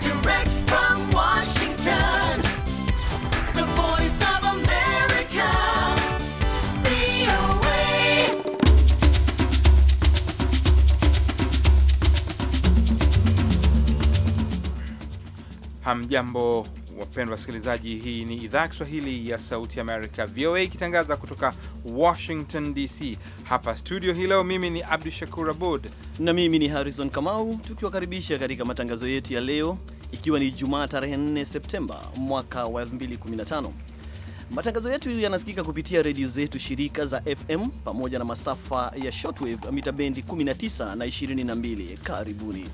Direct from Washington, the voice of America, VOA. Hamjambo Wapendwa wasikilizaji, hii ni idhaa ya Kiswahili ya Sauti Amerika, VOA, ikitangaza kutoka Washington DC. Hapa studio hii leo mimi ni Abdu Shakur Abud na mimi ni Harrison Kamau, tukiwakaribisha katika matangazo yetu ya leo, ikiwa ni Jumaa tarehe 4 Septemba mwaka wa 2015. Matangazo yetu yanasikika kupitia redio zetu shirika za FM pamoja na masafa ya shortwave mita bendi 19 na 22. Karibuni.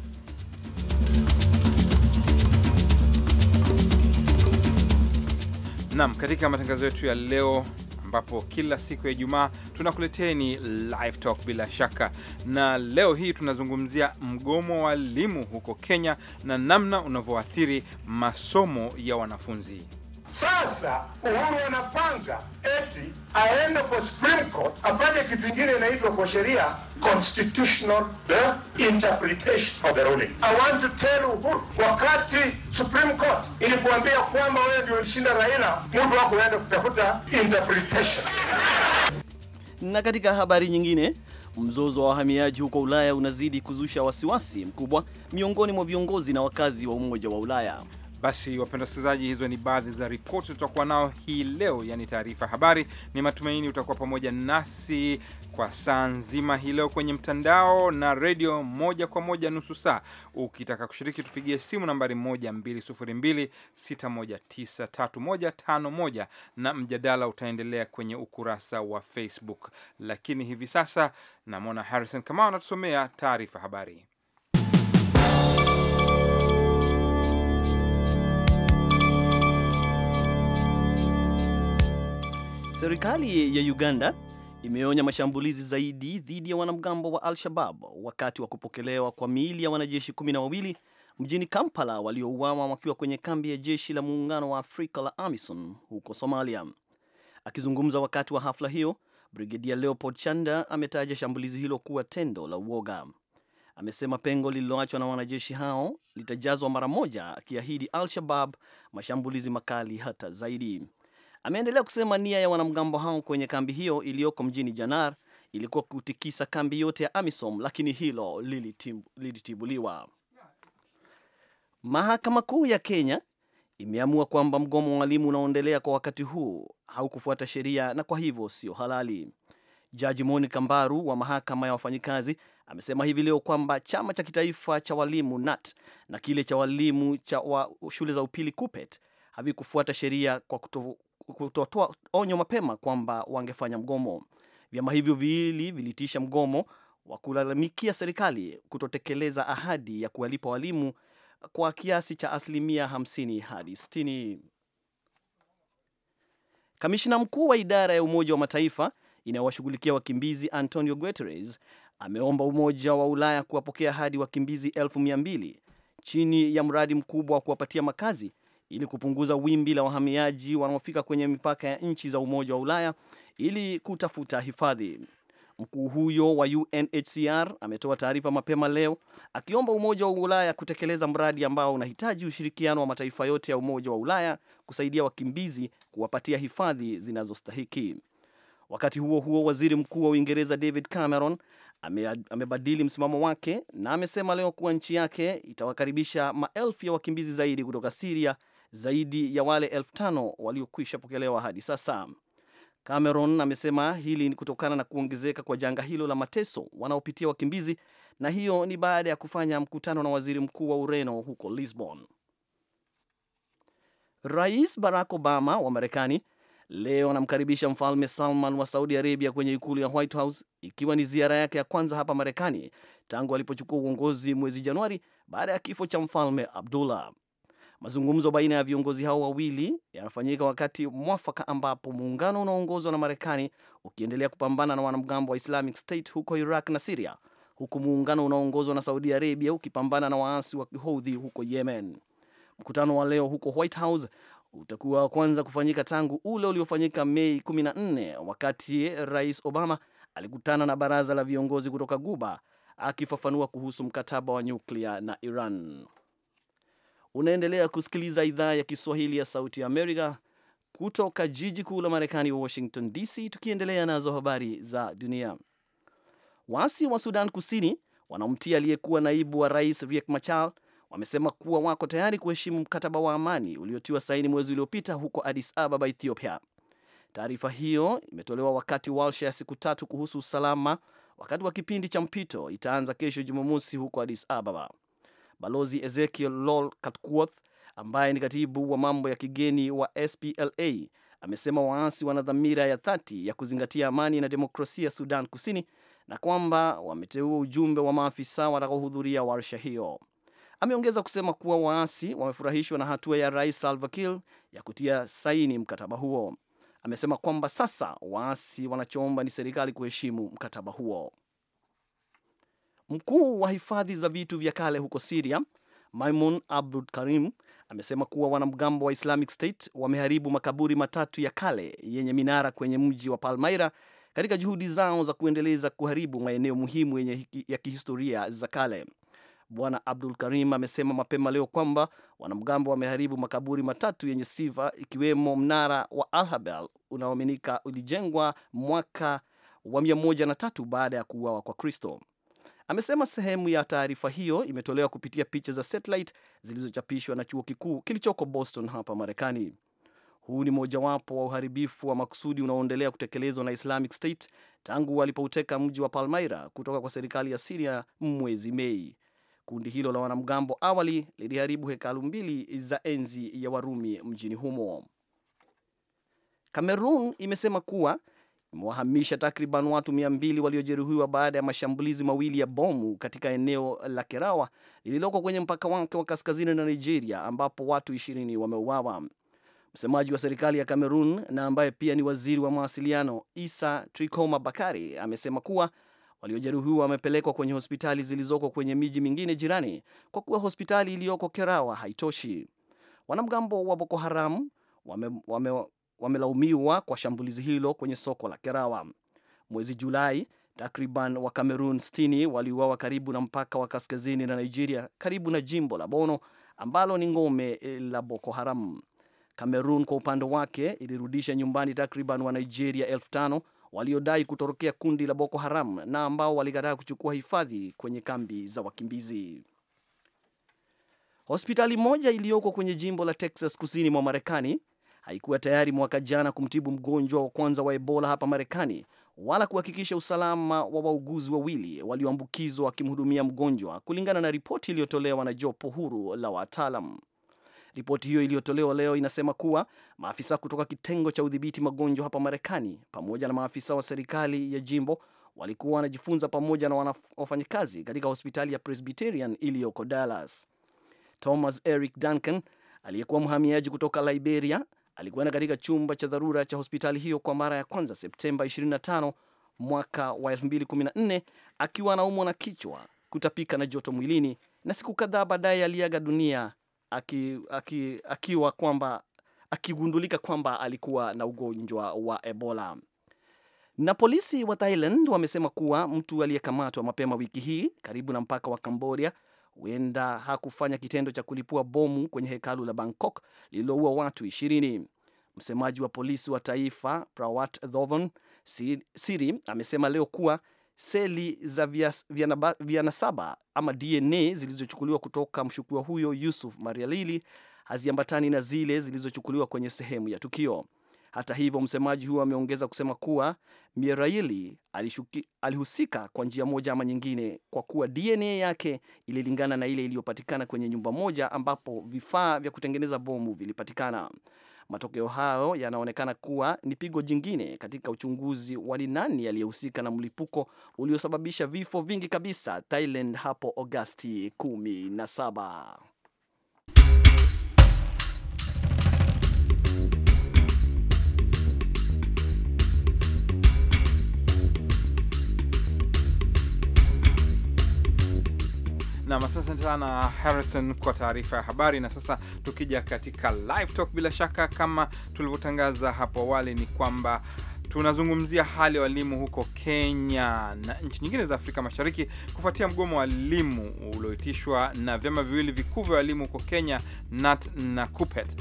Naam, katika matangazo yetu ya leo ambapo kila siku ya Ijumaa tunakuleteni live talk bila shaka, na leo hii tunazungumzia mgomo wa walimu huko Kenya na namna unavyoathiri masomo ya wanafunzi. Sasa Uhuru anapanga eti aende kwa Supreme Court afanye kitu ingine inaitwa kwa sheria constitutional the eh, interpretation of the ruling. I want to tell Uhuru, wakati Supreme Court ilikuambia kwamba wewe ndio ulishinda Raila, mtu wako aende kutafuta interpretation. Na katika habari nyingine Mzozo wa wahamiaji huko Ulaya unazidi kuzusha wasiwasi mkubwa miongoni mwa viongozi na wakazi wa Umoja wa Ulaya. Basi wapenda wasikilizaji, hizo ni baadhi za ripoti tutakuwa nao hii leo, yani taarifa habari. Ni matumaini utakuwa pamoja nasi kwa saa nzima hii leo kwenye mtandao na redio moja kwa moja nusu saa. Ukitaka kushiriki, tupigie simu nambari 12026193151 na mjadala utaendelea kwenye ukurasa wa Facebook. Lakini hivi sasa namwona Harrison Kamau anatusomea taarifa habari. Serikali ya Uganda imeonya mashambulizi zaidi dhidi ya wanamgambo wa Al-Shabab wakati wa kupokelewa kwa miili ya wanajeshi kumi na wawili mjini Kampala waliouawa wakiwa kwenye kambi ya jeshi la muungano wa Afrika la amison huko Somalia. Akizungumza wakati wa hafla hiyo, Brigedia Leopold Chanda ametaja shambulizi hilo kuwa tendo la uoga. Amesema pengo lililoachwa na wanajeshi hao litajazwa mara moja, akiahidi Al-Shabab mashambulizi makali hata zaidi. Ameendelea kusema nia ya wanamgambo hao kwenye kambi hiyo iliyoko mjini Janar ilikuwa kutikisa kambi yote ya AMISOM, lakini hilo lilitibuliwa. Mahakama Kuu ya Kenya imeamua kwamba mgomo wa walimu unaoendelea kwa wakati huu haukufuata sheria na kwa hivyo sio halali. Jaji Monica Mbaru wa mahakama ya wafanyikazi amesema hivi leo kwamba chama cha kitaifa cha walimu NAT na kile cha walimu cha wa shule za upili KUPET havikufuata sheria kwa, kutotoa onyo mapema kwamba wangefanya mgomo. Vyama hivyo viwili vilitisha mgomo wa kulalamikia serikali kutotekeleza ahadi ya kuwalipa walimu kwa kiasi cha asilimia 50 hadi 60. Kamishina mkuu wa idara ya Umoja wa Mataifa inayowashughulikia wakimbizi Antonio Guterres ameomba Umoja wa Ulaya kuwapokea hadi wakimbizi elfu mia mbili chini ya mradi mkubwa wa kuwapatia makazi ili kupunguza wimbi la wahamiaji wanaofika kwenye mipaka ya nchi za Umoja wa Ulaya ili kutafuta hifadhi. Mkuu huyo wa UNHCR ametoa taarifa mapema leo akiomba Umoja wa Ulaya kutekeleza mradi ambao unahitaji ushirikiano wa mataifa yote ya Umoja wa Ulaya kusaidia wakimbizi kuwapatia hifadhi zinazostahiki. Wakati huo huo, waziri mkuu wa Uingereza David Cameron ame, amebadili msimamo wake na amesema leo kuwa nchi yake itawakaribisha maelfu ya wakimbizi zaidi kutoka Siria zaidi ya wale elfu tano waliokwisha pokelewa hadi sasa. Cameron amesema hili ni kutokana na kuongezeka kwa janga hilo la mateso wanaopitia wakimbizi, na hiyo ni baada ya kufanya mkutano na waziri mkuu wa Ureno huko Lisbon. Rais Barack Obama wa Marekani leo anamkaribisha Mfalme Salman wa Saudi Arabia kwenye ikulu ya White House, ikiwa ni ziara yake ya kwanza hapa Marekani tangu alipochukua uongozi mwezi Januari baada ya kifo cha Mfalme Abdullah. Mazungumzo baina ya viongozi hao wawili yanafanyika wakati mwafaka ambapo muungano unaoongozwa na Marekani ukiendelea kupambana na wanamgambo wa Islamic State huko Iraq na Siria, huku muungano unaoongozwa na Saudi Arabia ukipambana na waasi wa Kihoudhi huko Yemen. Mkutano wa leo huko White House utakuwa wa kwanza kufanyika tangu ule uliofanyika Mei 14 wakati Rais Obama alikutana na baraza la viongozi kutoka Guba akifafanua kuhusu mkataba wa nyuklia na Iran. Unaendelea kusikiliza idhaa ya Kiswahili ya Sauti ya Amerika kutoka jiji kuu la Marekani, Washington DC, tukiendelea nazo habari za dunia. Waasi wa Sudan Kusini wanaomtia aliyekuwa naibu wa rais Riek Machar wamesema kuwa wako tayari kuheshimu mkataba wa amani uliotiwa saini mwezi uliopita huko Addis Ababa, Ethiopia. Taarifa hiyo imetolewa wakati warsha ya siku tatu kuhusu usalama wakati wa kipindi cha mpito itaanza kesho Jumamosi huko Addis Ababa. Balozi Ezekiel Lol Katkuoth ambaye ni katibu wa mambo ya kigeni wa SPLA amesema waasi wana dhamira ya dhati ya kuzingatia amani na demokrasia Sudan Kusini na kwamba wameteua ujumbe wa maafisa watakaohudhuria warsha hiyo. Ameongeza kusema kuwa waasi wamefurahishwa na hatua ya Rais Salva Kiir ya kutia saini mkataba huo. Amesema kwamba sasa waasi wanachoomba ni serikali kuheshimu mkataba huo. Mkuu wa hifadhi za vitu vya kale huko Siria, Maimun Abdul Karim, amesema kuwa wanamgambo wa Islamic State wameharibu makaburi matatu ya kale yenye minara kwenye mji wa Palmaira katika juhudi zao za kuendeleza kuharibu maeneo muhimu yenye ya kihistoria za kale. Bwana Abdul Karim amesema mapema leo kwamba wanamgambo wameharibu makaburi matatu yenye sifa ikiwemo mnara wa Alhabel unaoaminika ulijengwa mwaka wa 13 baada ya kuuawa kwa Kristo. Amesema sehemu ya taarifa hiyo imetolewa kupitia picha za satellite zilizochapishwa na chuo kikuu kilichoko Boston hapa Marekani. Huu ni mojawapo wa uharibifu wa makusudi unaoendelea kutekelezwa na Islamic State tangu walipouteka mji wa Palmaira kutoka kwa serikali ya Siria mwezi Mei. Kundi hilo la wanamgambo awali liliharibu hekalu mbili za enzi ya Warumi mjini humo. Kamerun imesema kuwa imewahamisha takriban watu 200 waliojeruhiwa baada ya mashambulizi mawili ya bomu katika eneo la Kerawa lililoko kwenye mpaka wake wa kaskazini na Nigeria, ambapo watu 20 wameuawa. Msemaji wa serikali ya Cameroon na ambaye pia ni waziri wa mawasiliano Isa Trikoma Bakari amesema kuwa waliojeruhiwa wamepelekwa kwenye hospitali zilizoko kwenye miji mingine jirani kwa kuwa hospitali iliyoko Kerawa haitoshi. Wanamgambo wa Boko Haram wame, wame, wamelaumiwa kwa shambulizi hilo kwenye soko la Kerawa. Mwezi Julai, takriban wa Kamerun 60 waliuawa karibu na mpaka wa kaskazini na Nigeria, karibu na jimbo la Bono ambalo ni ngome eh, la Boko Haram. Kamerun kwa upande wake ilirudisha nyumbani takriban wa Nigeria elfu tano waliodai kutorokea kundi la Boko Haram na ambao walikataa kuchukua hifadhi kwenye kambi za wakimbizi. Hospitali moja iliyoko kwenye jimbo la Texas kusini mwa Marekani haikuwa tayari mwaka jana kumtibu mgonjwa wa kwanza wa Ebola hapa Marekani wala kuhakikisha usalama wa wauguzi wawili walioambukizwa wakimhudumia mgonjwa, kulingana na ripoti iliyotolewa na jopo huru la wataalam. Ripoti hiyo iliyotolewa leo inasema kuwa maafisa kutoka kitengo cha udhibiti magonjwa hapa Marekani pamoja na maafisa wa serikali ya jimbo walikuwa wanajifunza pamoja na wafanyakazi katika hospitali ya Presbyterian iliyoko Dallas. Thomas Eric Duncan aliyekuwa mhamiaji kutoka Liberia alikwenda katika chumba cha dharura cha hospitali hiyo kwa mara ya kwanza Septemba 25 mwaka wa 2014 akiwa anaumwa na kichwa, kutapika na joto mwilini, na siku kadhaa baadaye aliaga dunia aki, aki, akiwa kwamba akigundulika kwamba alikuwa na ugonjwa wa Ebola. Na polisi wa Thailand wamesema kuwa mtu aliyekamatwa mapema wiki hii karibu na mpaka wa Cambodia huenda hakufanya kitendo cha kulipua bomu kwenye hekalu la Bangkok lililoua watu ishirini. Msemaji wa polisi wa taifa Prawat Thovon Siri amesema leo kuwa seli za vianasaba ama DNA zilizochukuliwa kutoka mshukiwa huyo Yusuf Marialili haziambatani na zile zilizochukuliwa kwenye sehemu ya tukio. Hata hivyo, msemaji huyo ameongeza kusema kuwa Miraili alishuki, alihusika kwa njia moja ama nyingine kwa kuwa DNA yake ililingana na ile iliyopatikana kwenye nyumba moja ambapo vifaa vya kutengeneza bomu vilipatikana. Matokeo hayo yanaonekana kuwa ni pigo jingine katika uchunguzi wa ni nani aliyehusika na mlipuko uliosababisha vifo vingi kabisa Thailand hapo Agosti 17. Nam, asante sana Harrison kwa taarifa ya habari. Na sasa tukija katika live talk, bila shaka kama tulivyotangaza hapo awali ni kwamba tunazungumzia hali ya walimu huko Kenya na nchi nyingine za Afrika Mashariki kufuatia mgomo wa walimu ulioitishwa na vyama viwili vikuu vya walimu huko Kenya, NAT na cupet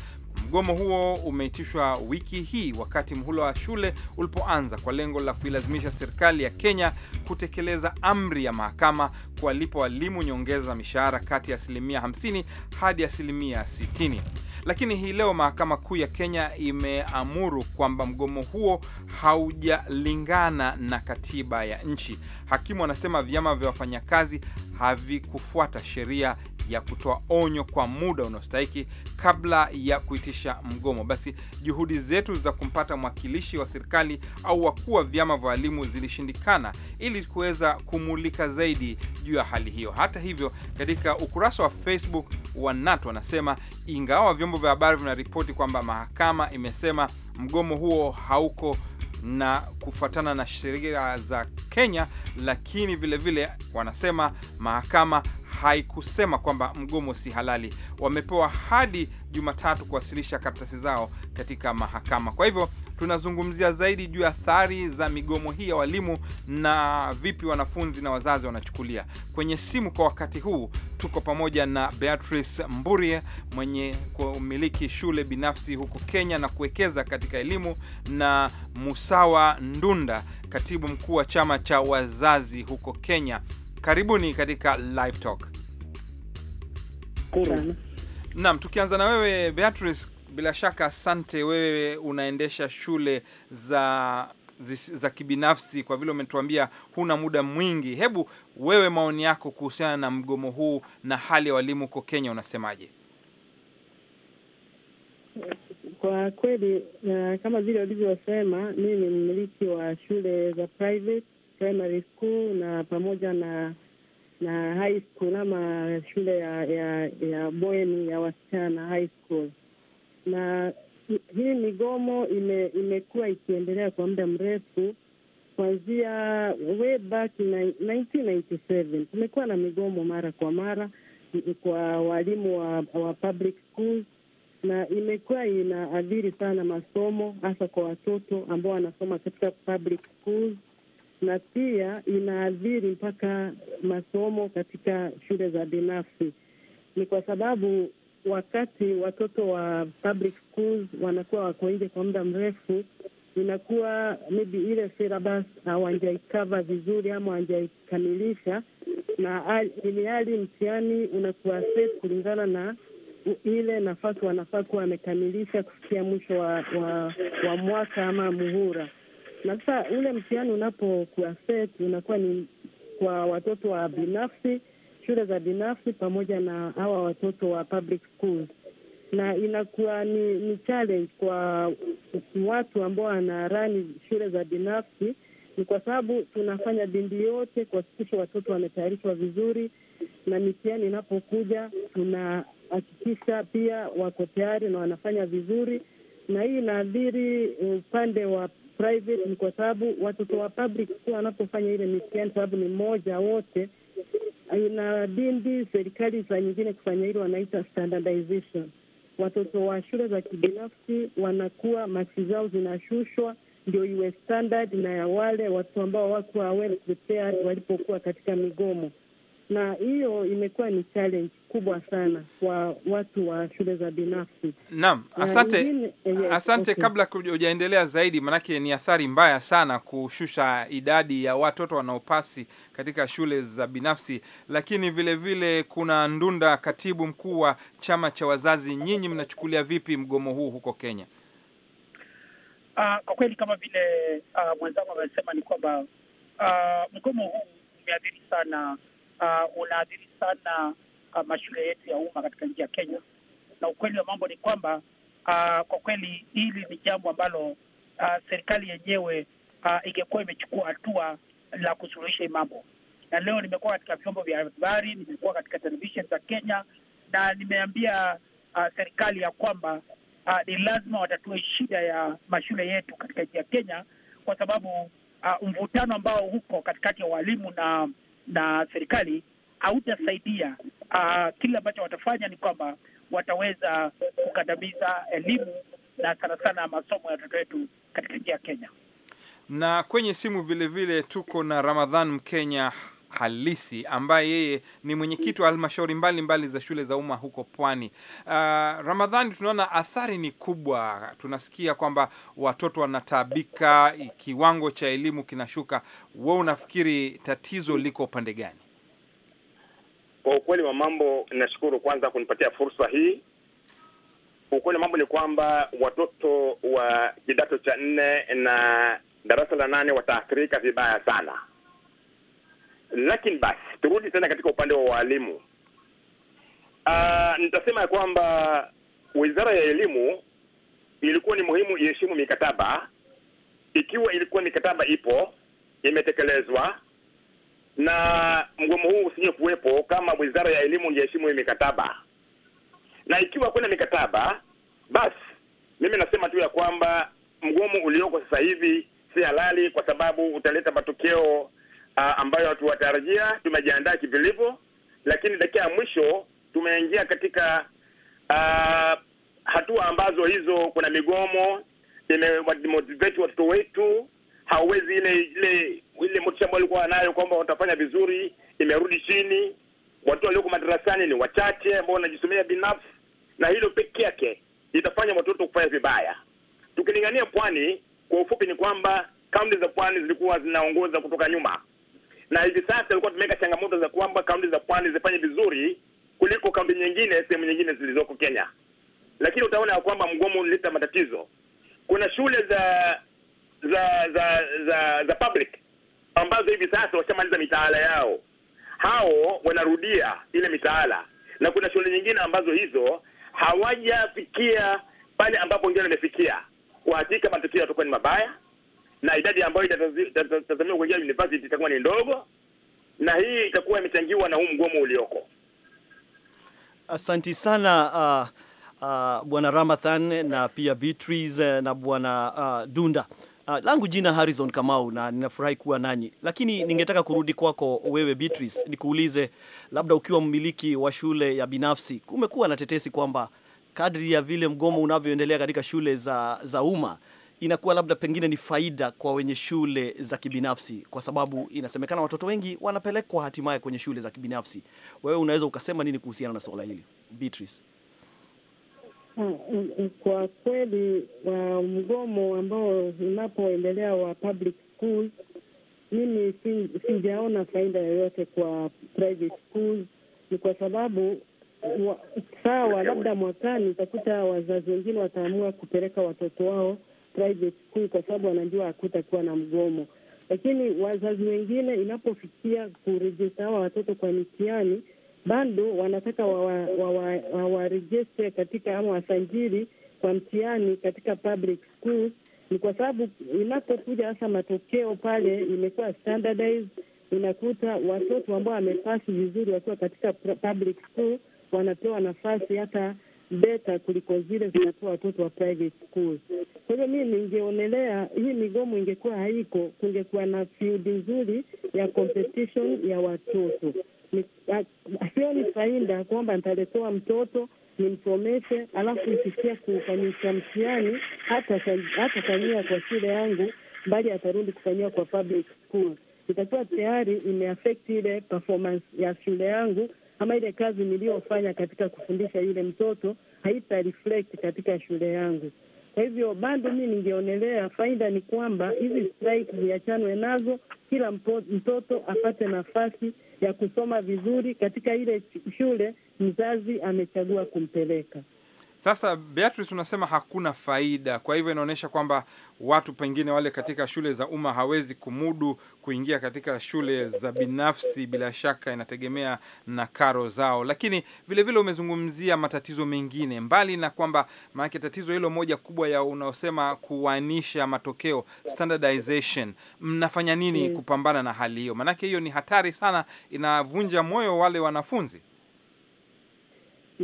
Mgomo huo umeitishwa wiki hii wakati mhula wa shule ulipoanza kwa lengo la kuilazimisha serikali ya Kenya kutekeleza amri ya mahakama kuwalipa walimu nyongeza za mishahara kati ya asilimia 50 hadi asilimia 60. Lakini hii leo mahakama kuu ya Kenya imeamuru kwamba mgomo huo haujalingana na katiba ya nchi. Hakimu anasema vyama vya wafanyakazi havikufuata sheria ya kutoa onyo kwa muda unaostahiki kabla ya kuitisha mgomo. Basi juhudi zetu za kumpata mwakilishi wa serikali au wakuu wa vyama vya walimu zilishindikana ili kuweza kumulika zaidi juu ya hali hiyo. Hata hivyo, katika ukurasa wa Facebook wa NATO wanasema ingawa vyombo vya habari vinaripoti kwamba mahakama imesema mgomo huo hauko na kufuatana na sheria za Kenya, lakini vilevile vile wanasema mahakama haikusema kwamba mgomo si halali. Wamepewa hadi Jumatatu kuwasilisha karatasi zao katika mahakama. Kwa hivyo tunazungumzia zaidi juu ya athari za migomo hii ya walimu na vipi wanafunzi na wazazi wanachukulia. Kwenye simu kwa wakati huu tuko pamoja na Beatrice Mburie mwenye kumiliki shule binafsi huko Kenya na kuwekeza katika elimu na Musawa Ndunda, katibu mkuu wa chama cha wazazi huko Kenya. Karibuni katika Live Talk. Naam, tukianza na wewe Beatrice, bila shaka asante. Wewe unaendesha shule za za kibinafsi, kwa vile umetuambia huna muda mwingi. Hebu wewe, maoni yako kuhusiana na mgomo huu na hali ya walimu huko Kenya, unasemaje? Kwa kweli, eh, kama vile walivyosema, mimi ni mmiliki wa shule za private primary school na pamoja na na high school ama shule ya ya, ya bweni ya wasichana high school. Na hii migomo ime, imekuwa ikiendelea kwa muda mrefu kuanzia way back in 1997 tumekuwa na migomo mara kwa mara kwa walimu wa, wa public schools na imekuwa inaadhiri sana masomo hasa kwa watoto ambao wanasoma katika public schools na pia inaathiri mpaka masomo katika shule za binafsi. Ni kwa sababu wakati watoto wa public schools wanakuwa wako nje kwa muda mrefu, inakuwa maybe ile syllabus hawajaikava vizuri ama hawajaikamilisha, na ili hali mtihani unakuwa set kulingana na ile nafasi wanafaa kuwa wamekamilisha kufikia mwisho wa, wa, wa mwaka ama muhura na sasa ule mtihani unapokuwa unakuwa ni kwa watoto wa binafsi, shule za binafsi, pamoja na hawa watoto wa public schools, na inakuwa ni, ni challenge kwa watu ambao wanarani shule za binafsi ni kwa sababu tunafanya bindi yote kuhakikisha watoto wametayarishwa vizuri, na mitihani inapokuja tunahakikisha pia wako tayari na wanafanya vizuri, na hii inaathiri upande wa private ni kwa sababu watoto wa public kuwa wanapofanya ile mitihani, sababu ni moja wote, inabidi serikali za nyingine kufanya hilo, wanaita standardization. Watoto wa shule za kibinafsi wanakuwa maksi zao zinashushwa, ndio iwe standard na ya wale watu ambao wako well prepared walipokuwa katika migomo na hiyo imekuwa ni challenge kubwa sana kwa watu wa shule za binafsi. Naam, asante ingine, eh, asante okay. Kabla hujaendelea zaidi, manake ni athari mbaya sana kushusha idadi ya watoto wanaopasi katika shule za binafsi, lakini vile vile kuna Ndunda, katibu mkuu wa chama cha wazazi, nyinyi mnachukulia vipi mgomo huu huko Kenya? Uh, kwa kweli kama vile uh, mwenzangu amesema ni kwamba uh, mgomo huu umeathiri sana uh, unaathiri sana uh, mashule yetu ya umma katika nchi ya Kenya, na ukweli wa mambo ni kwamba uh, kwa kweli hili ni jambo ambalo uh, serikali yenyewe uh, ingekuwa imechukua hatua la kusuluhisha hii mambo, na leo nimekuwa katika vyombo vya habari, nimekuwa katika televisheni za Kenya na nimeambia uh, serikali ya kwamba uh, ni lazima watatue shida ya mashule yetu katika nchi ya Kenya kwa sababu uh, mvutano ambao huko katikati ya walimu na na serikali hautasaidia. Uh, kile ambacho watafanya ni kwamba wataweza kukandamiza elimu na sana sana masomo ya watoto wetu katika nchi ya Kenya. Na kwenye simu vilevile vile tuko na Ramadhan Mkenya halisi ambaye yeye ni mwenyekiti wa halmashauri mbalimbali za shule za umma huko Pwani. Uh, Ramadhani, tunaona athari ni kubwa, tunasikia kwamba watoto wanataabika, kiwango cha elimu kinashuka. Wewe unafikiri tatizo liko upande gani? Kwa ukweli wa mambo, nashukuru kwanza kunipatia fursa hii. Ukweli wa mambo ni kwamba watoto wa kidato cha nne na darasa la nane wataathirika vibaya sana lakini basi turudi tena katika upande wa waalimu. Ah, nitasema ya kwamba Wizara ya Elimu ilikuwa ni muhimu iheshimu mikataba, ikiwa ilikuwa mikataba ipo imetekelezwa, na mgomo huu usije kuwepo kama Wizara ya Elimu ingeheshimu hii mikataba, na ikiwa kuna mikataba, basi mimi nasema tu ya kwamba mgomo ulioko sasa hivi si halali, kwa sababu utaleta matokeo uh, ambayo hatuwatarajia. Tumejiandaa kivilivyo, lakini dakika ya mwisho tumeingia katika uh, hatua ambazo hizo, kuna migomo imemotivate watoto wetu, hauwezi ile ile ile motisha ambayo walikuwa nayo kwamba watafanya vizuri imerudi chini. Watoto walioko madarasani ni wachache ambao wanajisomea binafsi, na hilo peke yake itafanya watoto kufanya vibaya. Tukilingania pwani, kwa ufupi ni kwamba kaunti za pwani zilikuwa zinaongoza kutoka nyuma, na hivi sasa ilikuwa tumeweka changamoto za kwamba kaunti za pwani zifanye vizuri kuliko kaunti nyingine, sehemu nyingine zilizoko Kenya, lakini utaona ya kwamba mgomo unaleta matatizo. Kuna shule za za za za, za public ambazo hivi sasa washamaliza mitaala yao, hao wanarudia ile mitaala, na kuna shule nyingine ambazo hizo hawajafikia pale ambapo wengine wamefikia. Kwa hakika matokeo yatakuwa ni mabaya na idadi ambayo itatazamiwa kuingia university itakuwa ni ndogo, na hii itakuwa imechangiwa na huu mgomo ulioko. Asanti sana uh, uh, Bwana Ramadhan na pia Beatrice eh, na Bwana uh, Dunda. Uh, langu jina Harrison Kamau na ninafurahi kuwa nanyi, lakini ningetaka kurudi kwako wewe Beatrice, nikuulize labda, ukiwa mmiliki wa shule ya binafsi, kumekuwa na tetesi kwamba kadri ya vile mgomo unavyoendelea katika shule za, za umma inakuwa labda pengine ni faida kwa wenye shule za kibinafsi, kwa sababu inasemekana watoto wengi wanapelekwa hatimaye kwenye shule za kibinafsi. Wewe unaweza ukasema nini kuhusiana na swala hili Beatrice? Mm, mm, mm, kwa kweli wa uh, mgomo ambao unapoendelea wa public school, mimi sijaona faida yoyote kwa private schools. Ni kwa sababu sawa, labda mwakani utakuta wazazi wengine wataamua kupeleka watoto wao private school kwa sababu wanajua hakutakuwa na mgomo. Lakini wazazi wengine inapofikia kurejesta hawa watoto kwa mitihani, bado wanataka wawarejeste wa katika ama wasanjiri kwa mtihani katika public school. Ni kwa sababu inapokuja hasa matokeo pale imekuwa standardized, unakuta watoto ambao wamepasi vizuri wakiwa katika public school wanapewa nafasi hata beta kuliko zile zinatoa watoto wa private school. Kwa hiyo mimi ningeonelea hii migomo ingekuwa haiko, kungekuwa na field nzuri ya competition ya watoto. Hiyo ni faida kwamba nitaletoa mtoto nimsomeshe, alafu ikifikia kufanyisha mtihani hata hatafanyia kwa shule yangu, bali atarudi kufanyia kwa public school, itakuwa tayari imeaffect ile performance ya shule yangu ama ile kazi niliyofanya katika kufundisha yule mtoto haita reflect katika shule yangu. Kwa hivyo bado mi ningeonelea faida ni kwamba hizi strike ziachanwe nazo, kila mpo, mtoto apate nafasi ya kusoma vizuri katika ile shule mzazi amechagua kumpeleka. Sasa Beatrice, unasema hakuna faida, kwa hivyo inaonyesha kwamba watu pengine wale katika shule za umma hawezi kumudu kuingia katika shule za binafsi. Bila shaka inategemea na karo zao, lakini vilevile vile umezungumzia matatizo mengine mbali na kwamba, maanake tatizo hilo moja kubwa ya unaosema kuwanisha matokeo standardization, mnafanya nini hmm. kupambana na hali hiyo? Maanake hiyo ni hatari sana, inavunja moyo wale wanafunzi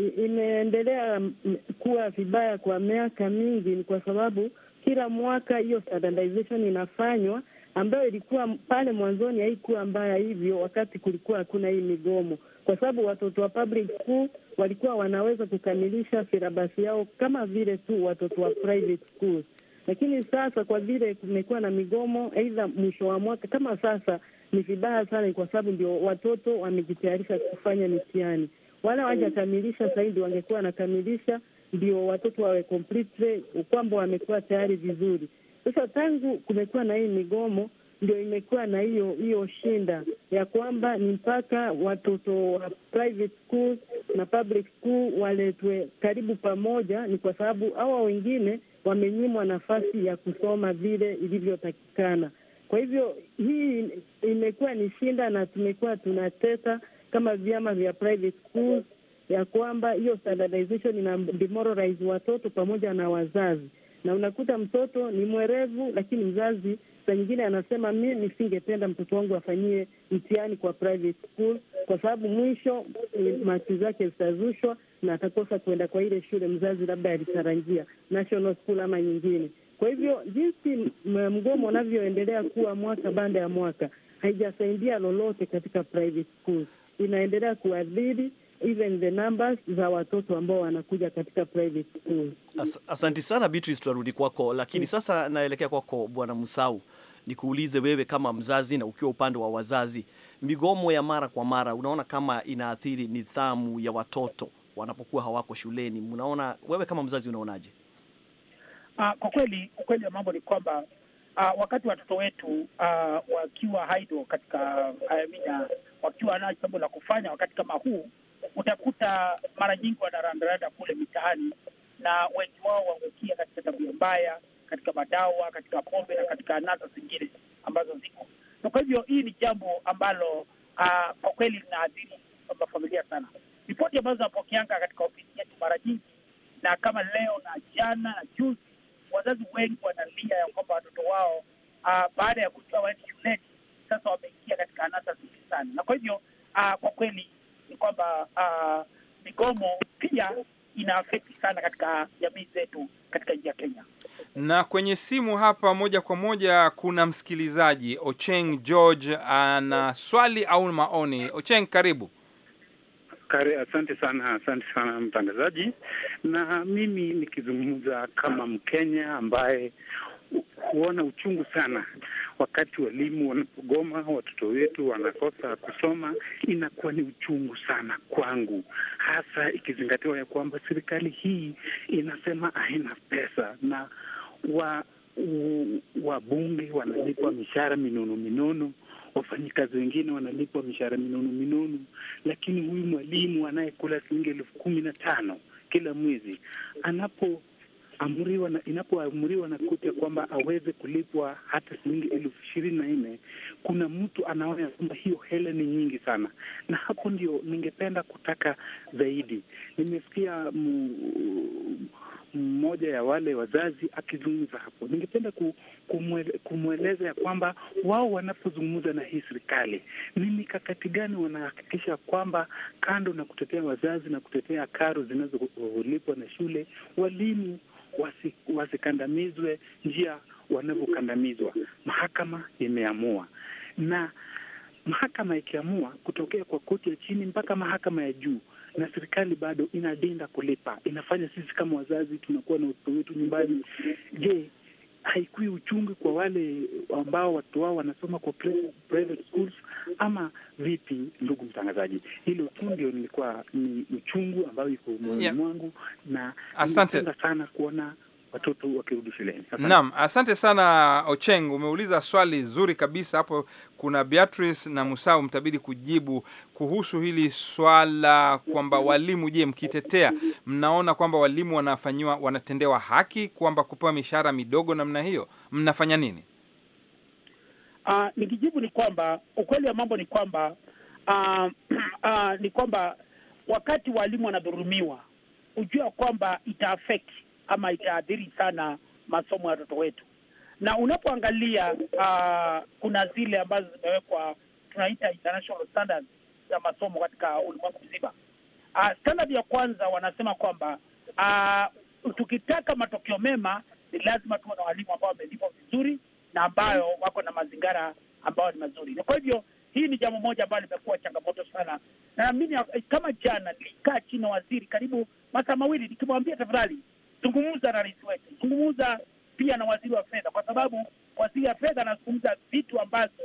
imeendelea mm, kuwa vibaya kwa miaka mingi, ni kwa sababu kila mwaka hiyo standardization inafanywa, ambayo ilikuwa pale mwanzoni haikuwa mbaya hivyo, wakati kulikuwa hakuna hii migomo, kwa sababu watoto wa public school walikuwa wanaweza kukamilisha silabasi yao kama vile tu watoto wa private Lakini sasa kwa vile kumekuwa na migomo, aidha mwisho wa mwaka kama sasa, ni vibaya sana, kwa sababu ndio watoto wamejitayarisha kufanya mitihani wala wajakamilisha sasa hivi wangekuwa wanakamilisha, ndio watoto wawe complete kwamba wamekuwa tayari vizuri. Sasa tangu kumekuwa na hii migomo, ndio imekuwa na hiyo hiyo shinda ya kwamba ni mpaka watoto wa private school na public school waletwe karibu pamoja. Ni kwa sababu hawa wengine wamenyimwa nafasi ya kusoma vile ilivyotakikana. Kwa hivyo hii imekuwa ni shinda na tumekuwa tunateta kama vyama vya private schools, ya kwamba hiyo standardization ina demoralize watoto pamoja na wazazi, na unakuta mtoto ni mwerevu, lakini mzazi saa nyingine anasema mi nisingependa mtoto wangu afanyie mtihani kwa private school, kwa sababu mwisho eh, maki zake zitazushwa na atakosa kuenda kwa ile shule mzazi labda alitarangia national school ama nyingine. Kwa hivyo jinsi mgomo unavyoendelea kuwa mwaka baada ya mwaka haijasaidia lolote katika private schools inaendelea kuadhiri even the numbers za watoto ambao wanakuja katika private school. As, asanti sana Beatrice, tunarudi kwako lakini mm. Sasa naelekea kwako Bwana Musau, nikuulize wewe kama mzazi na ukiwa upande wa wazazi, migomo ya mara kwa mara unaona kama inaathiri nidhamu ya watoto wanapokuwa hawako shuleni? Mnaona wewe kama mzazi unaonaje? Uh, kwa kweli ukweli wa mambo ni kwamba uh, wakati watoto wetu uh, wakiwa haido katika amina, ah, wakiwa na jambo la kufanya wakati kama huu, utakuta mara nyingi wanarandaranda kule mitaani, na wengi wao wangukia katika tabia mbaya, katika madawa, katika pombe na katika nasa zingine ambazo ziko na. Kwa hivyo hii ni jambo ambalo uh, kwa kweli linaathiri mafamilia sana. Ripoti ambazo napokeanga katika ofisi yetu mara nyingi, na kama leo na jana na juzi wazazi wengi wanalia ya kwamba watoto wao uh, baada ya kutoa shuleni sasa wameingia katika anasa zingi sana, na kwa hivyo uh, kwa kweli ni kwamba ah, migomo pia ina afekti sana katika jamii zetu katika nchi ya Kenya. Na kwenye simu hapa moja kwa moja kuna msikilizaji Ocheng George ana swali au maoni. Ocheng, karibu. Kare, asante sana, asante sana mtangazaji. Na mimi nikizungumza kama Mkenya ambaye huona uchungu sana wakati walimu wanapogoma, watoto wetu wanakosa kusoma, inakuwa ni uchungu sana kwangu, hasa ikizingatiwa ya kwamba serikali hii inasema haina pesa na wa wabunge wanalipwa mishahara minono minono wafanyikazi wengine wanalipwa mishahara minono minono, lakini huyu mwalimu anayekula shilingi elfu kumi na tano kila mwezi anapo na inapoamriwa na koti ya kwamba aweze kulipwa hata shilingi elfu ishirini na nne kuna mtu anaona kwamba hiyo hela ni nyingi sana, na hapo ndio ningependa kutaka zaidi. Nimesikia mmoja ya wale wazazi akizungumza hapo, ningependa kumweleza ya kwamba wao wanapozungumza na hii serikali ni mikakati gani wanahakikisha kwamba kando na kutetea wazazi na kutetea karo zinazolipwa na shule, walimu wasi, wasikandamizwe njia wanavyokandamizwa. Mahakama imeamua na mahakama ikiamua kutokea kwa koti ya chini mpaka mahakama ya juu na serikali bado inadinda kulipa, inafanya sisi kama wazazi tunakuwa na watoto wetu nyumbani. Je, haikui uchungu kwa wale ambao watu wao wanasoma kwa private schools ama vipi, ndugu mtangazaji? Hilo tu ndio nilikuwa ni uchungu ambayo iko moyoni mwangu, na asante sana kuona watoto wakirudi shuleni. Naam, asante sana Ocheng, umeuliza swali zuri kabisa hapo. Kuna Beatrice na Musau, mtabidi kujibu kuhusu hili swala kwamba walimu, je, mkitetea mnaona kwamba walimu wanafanyiwa wanatendewa haki kwamba kupewa mishahara midogo namna hiyo, mnafanya nini? Uh, nikijibu ni kwamba ukweli wa mambo ni kwamba uh, uh, ni kwamba wakati walimu wanadhurumiwa, hujua kwamba ita affect ama itaadhiri sana masomo ya watoto wetu. Na unapoangalia uh, kuna zile ambazo zimewekwa tunaita international standards za masomo katika ulimwengu mzima. Uh, standard ya kwanza wanasema kwamba uh, tukitaka matokeo mema ni lazima tuwe na walimu ambao wamelipwa vizuri na ambayo wako na mazingara ambayo ni mazuri. Kwa hivyo hii ni jambo moja ambayo limekuwa changamoto sana, na naamini kama jana nilikaa chini na waziri karibu masaa mawili nikimwambia, tafadhali zungumza na rais wetu, zungumza pia na waziri wa fedha, kwa sababu waziri wa fedha anazungumza vitu ambazo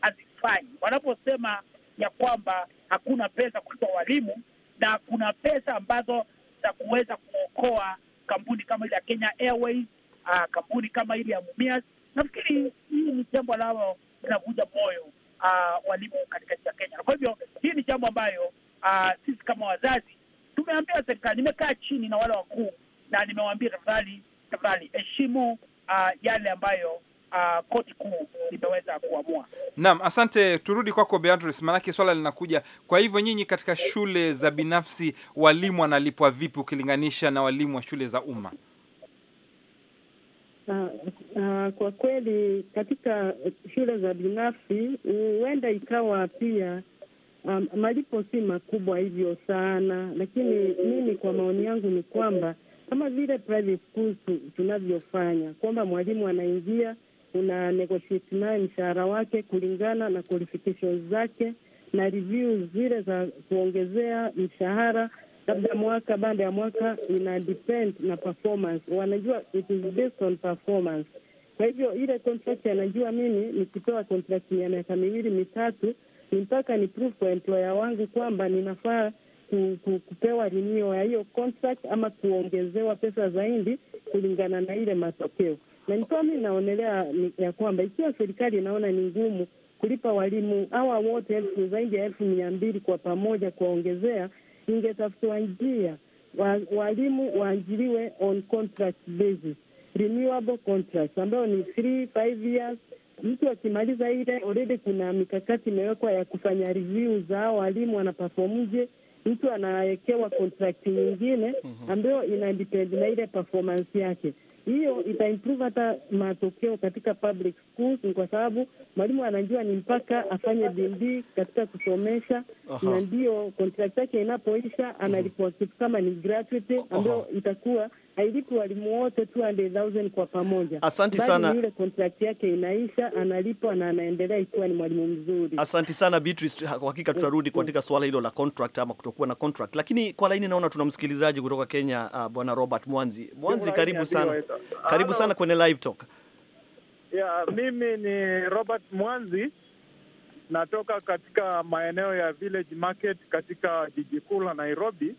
hazifanyi. Wanaposema ya kwamba hakuna pesa kulipa walimu na kuna pesa ambazo za kuweza kuokoa kampuni kama ile ya Kenya Airways, uh, kampuni kama ile ya Mumias. Nafikiri hii ni jambo lao linavuja moyo uh, walimu katika nchi ya Kenya. Kwa hivyo hii ni jambo ambayo uh, sisi kama wazazi tumeambia serikali, nimekaa chini na wale wakuu na nimewaambia tafadhali, tafadhali heshimu uh, yale ambayo uh, koti kuu limeweza kuamua. Naam, asante. Turudi kwako Beatrice, maanake swala linakuja. Kwa hivyo nyinyi, katika shule za binafsi walimu wanalipwa vipi ukilinganisha na walimu wa shule za umma? Uh, uh, kwa kweli katika shule za binafsi huenda ikawa pia um, malipo si makubwa hivyo sana, lakini mimi kwa maoni yangu ni kwamba kama vile private schools tunavyofanya, kwamba mwalimu anaingia, una negotiate naye mshahara wake kulingana na qualifications zake na review zile za kuongezea mshahara labda mwaka baada ya mwaka, ina depend na performance. Wanajua it is based on performance. Kwa hivyo ile contract anajua mimi nikitoa contract ya miaka miwili mitatu, ni mpaka ni proof kwa employer wangu kwamba ninafaa ku, ku, kupewa renewal ya hiyo contract ama kuongezewa pesa zaidi kulingana na ile matokeo. Na nilikuwa mi naonelea ya kwamba ikiwa serikali inaona ni ngumu kulipa walimu hawa wote elfu zaidi ya elfu mia mbili kwa pamoja kuwaongezea, ingetafutiwa njia wa, walimu waajiriwe on contract basis, renewable contracts ambayo ni three five years. Mtu akimaliza ile, already kuna mikakati imewekwa ya kufanya review za hao walimu wanapafomuje, mtu anawekewa kontrakti nyingine mhm. ambayo ina depend na ile performance yake. Hiyo improve hata matokeo katika public schools, kwa sababu mwalimu anajua ni mpaka afanye bidii katika kusomesha, na ndiyo kontrakti yake inapoisha analipwa mhm. kitu kama ni gratuity ambayo itakuwa hailipi walimu wote 200,000 kwa pamoja. Asanti sana. Ile contract yake inaisha, analipwa na anaendelea ikiwa ni mwalimu mzuri. Asanti sana Beatrice, kwa hakika tutarudi katika swala hilo la contract ama kutokuwa na contract, lakini kwa laini naona tuna msikilizaji kutoka Kenya. Uh, bwana Robert Mwanzi Mwanzi, karibu sana, karibu sana kwenye live talk. Ya, mimi ni Robert Mwanzi natoka katika maeneo ya Village Market katika jiji kuu la Nairobi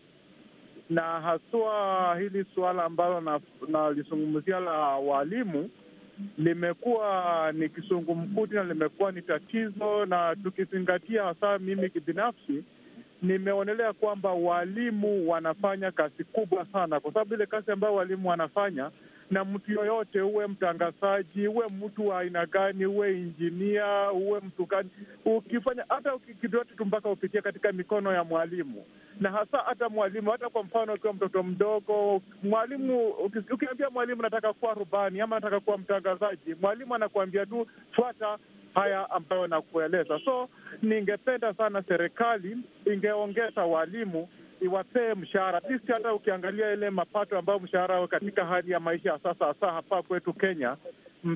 na haswa hili suala ambalo nalizungumzia na la walimu limekuwa ni kisungumkuti na limekuwa ni tatizo, na tukizingatia hasa, mimi kibinafsi nimeonelea kwamba waalimu wanafanya kazi kubwa sana, kwa sababu ile kazi ambayo waalimu wanafanya na mtu yoyote, uwe mtangazaji, uwe mtu wa aina gani, uwe injinia, uwe mtu gani, ukifanya hata kitu yote tu mpaka upitie katika mikono ya mwalimu, na hasa hata mwalimu, hata kwa mfano ukiwa mtoto mdogo, mwalimu ukiambia mwalimu nataka kuwa rubani ama nataka kuwa mtangazaji, mwalimu anakuambia tu fuata haya ambayo nakueleza. So ningependa sana serikali ingeongeza walimu iwapee mshahara sisi. Hata ukiangalia ile mapato ambayo mshahara katika hali ya maisha ya sasa, hasa hapa kwetu Kenya,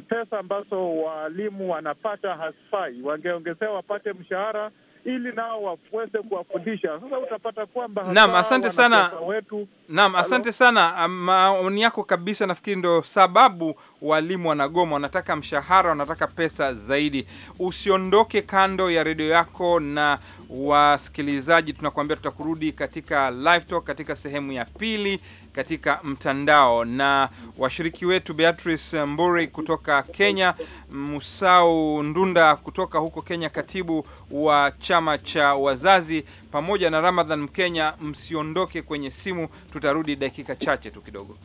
pesa ambazo walimu wanapata hasfai, wangeongezea wapate mshahara ili nao waweze kuwafundisha. Sasa utapata kwamba naam, asante sana wetu Naam, asante sana. Ah, maoni yako kabisa, nafikiri ndo sababu walimu wanagoma, wanataka mshahara, wanataka pesa zaidi. Usiondoke kando ya redio yako. Na wasikilizaji, tunakuambia tutakurudi katika live talk katika sehemu ya pili katika mtandao, na washiriki wetu Beatrice Mburi kutoka Kenya, Musau Ndunda kutoka huko Kenya, katibu wa chama cha wazazi, pamoja na Ramadhan Mkenya. Msiondoke kwenye simu, tutarudi dakika chache tu kidogo.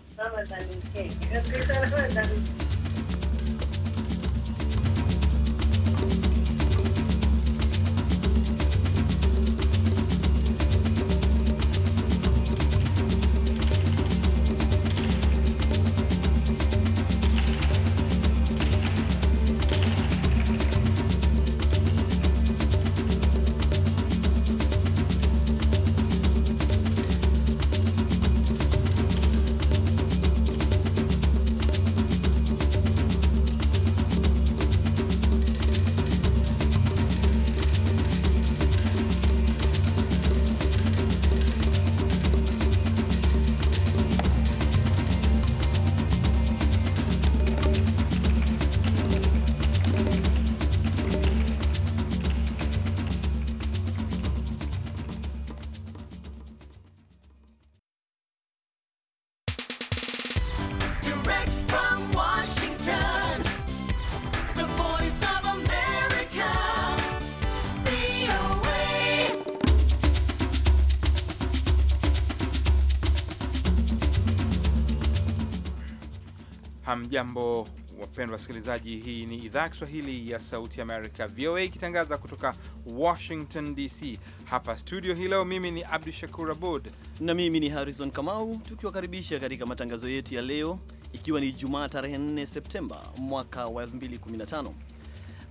Hamjambo, wapendwa wasikilizaji. Hii ni idhaa ya Kiswahili ya Sauti Amerika, VOA, ikitangaza kutoka Washington DC. Hapa studio hii leo, mimi ni Abdu Shakur Abud na mimi ni Harrison Kamau, tukiwakaribisha katika matangazo yetu ya leo, ikiwa ni Jumaa tarehe 4 Septemba mwaka wa 2015.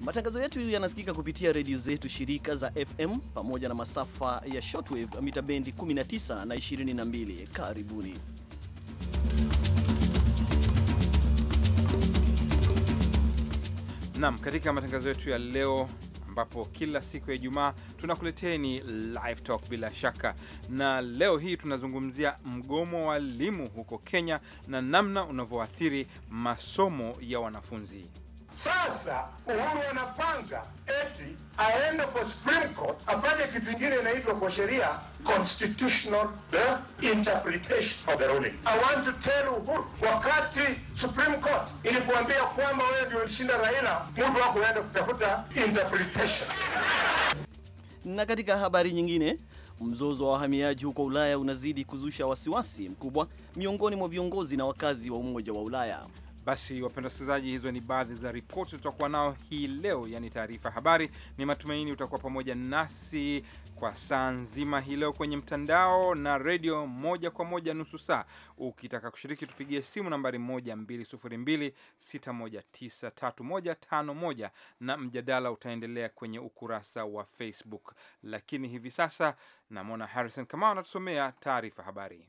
Matangazo yetu yanasikika kupitia redio zetu shirika za FM pamoja na masafa ya shortwave mita bendi 19 na 22. Karibuni. Naam, katika matangazo yetu ya leo ambapo kila siku ya Ijumaa tunakuleteni live talk bila shaka, na leo hii tunazungumzia mgomo wa walimu huko Kenya na namna unavyoathiri masomo ya wanafunzi. Sasa Uhuru anapanga eti aende kwa Supreme Court afanye kitu ingine inaitwa kwa sheria constitutional the eh, interpretation of the ruling. I want to tell Uhuru, wakati Supreme Court ilikuambia kwamba wewe ndio ulishinda Raila, mtu wako aende kutafuta interpretation. Na katika habari nyingine Mzozo wa wahamiaji huko Ulaya unazidi kuzusha wasiwasi mkubwa miongoni mwa viongozi na wakazi wa Umoja wa Ulaya. Basi wapenda wasikilizaji, hizo ni baadhi za ripoti tutakuwa nao hii leo, yani taarifa habari. Ni matumaini utakuwa pamoja nasi kwa saa nzima hii leo kwenye mtandao na redio moja kwa moja nusu saa. Ukitaka kushiriki, tupigie simu nambari 12026193151 na mjadala utaendelea kwenye ukurasa wa Facebook. Lakini hivi sasa namwona Harrison Kamau anatusomea taarifa habari.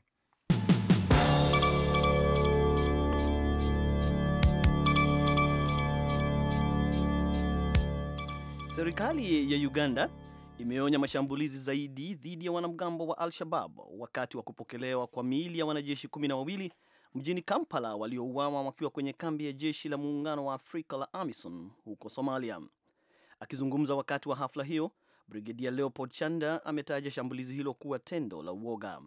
Serikali ya Uganda imeonya mashambulizi zaidi dhidi ya wanamgambo wa Al-Shabab wakati wa kupokelewa kwa miili ya wanajeshi kumi na wawili mjini Kampala waliouawa wakiwa kwenye kambi ya jeshi la muungano wa Afrika la amison huko Somalia. Akizungumza wakati wa hafla hiyo, Brigedia Leopold Chanda ametaja shambulizi hilo kuwa tendo la uoga.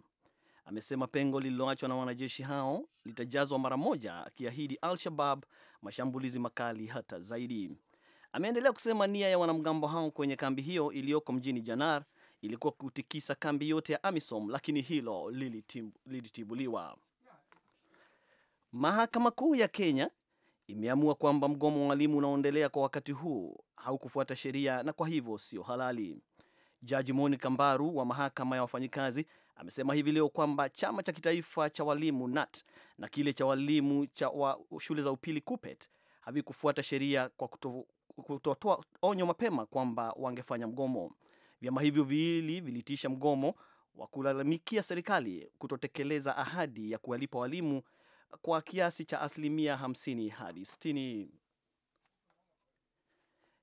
Amesema pengo lililoachwa na wanajeshi hao litajazwa mara moja, akiahidi Al-Shabab mashambulizi makali hata zaidi. Ameendelea kusema nia ya wanamgambo hao kwenye kambi hiyo iliyoko mjini Janar ilikuwa kutikisa kambi yote ya AMISOM, lakini hilo lilitibuliwa. Mahakama Kuu ya Kenya imeamua kwamba mgomo wa walimu unaoendelea kwa wakati huu haukufuata sheria na kwa hivyo sio halali. Jaji Monica Mbaru wa mahakama ya wafanyikazi amesema hivi leo kwamba chama cha kitaifa cha walimu NAT na kile cha walimu cha wa shule za upili KUPET havikufuata sheria kwa, kutotoa onyo mapema kwamba wangefanya mgomo. Vyama hivyo viwili vilitisha mgomo wa kulalamikia serikali kutotekeleza ahadi ya kuwalipa walimu kwa kiasi cha asilimia 50 hadi 60.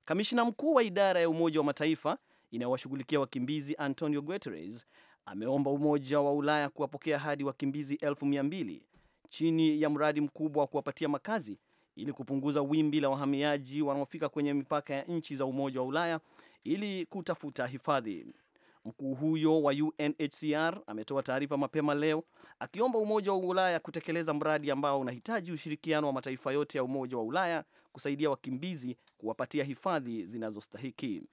Kamishina mkuu wa idara ya Umoja wa Mataifa inayowashughulikia wakimbizi Antonio Guterres ameomba Umoja wa Ulaya kuwapokea hadi wakimbizi elfu mia mbili chini ya mradi mkubwa wa kuwapatia makazi ili kupunguza wimbi la wahamiaji wanaofika kwenye mipaka ya nchi za Umoja wa Ulaya ili kutafuta hifadhi. Mkuu huyo wa UNHCR ametoa taarifa mapema leo akiomba Umoja wa Ulaya kutekeleza mradi ambao unahitaji ushirikiano wa mataifa yote ya Umoja wa Ulaya kusaidia wakimbizi kuwapatia hifadhi zinazostahiki.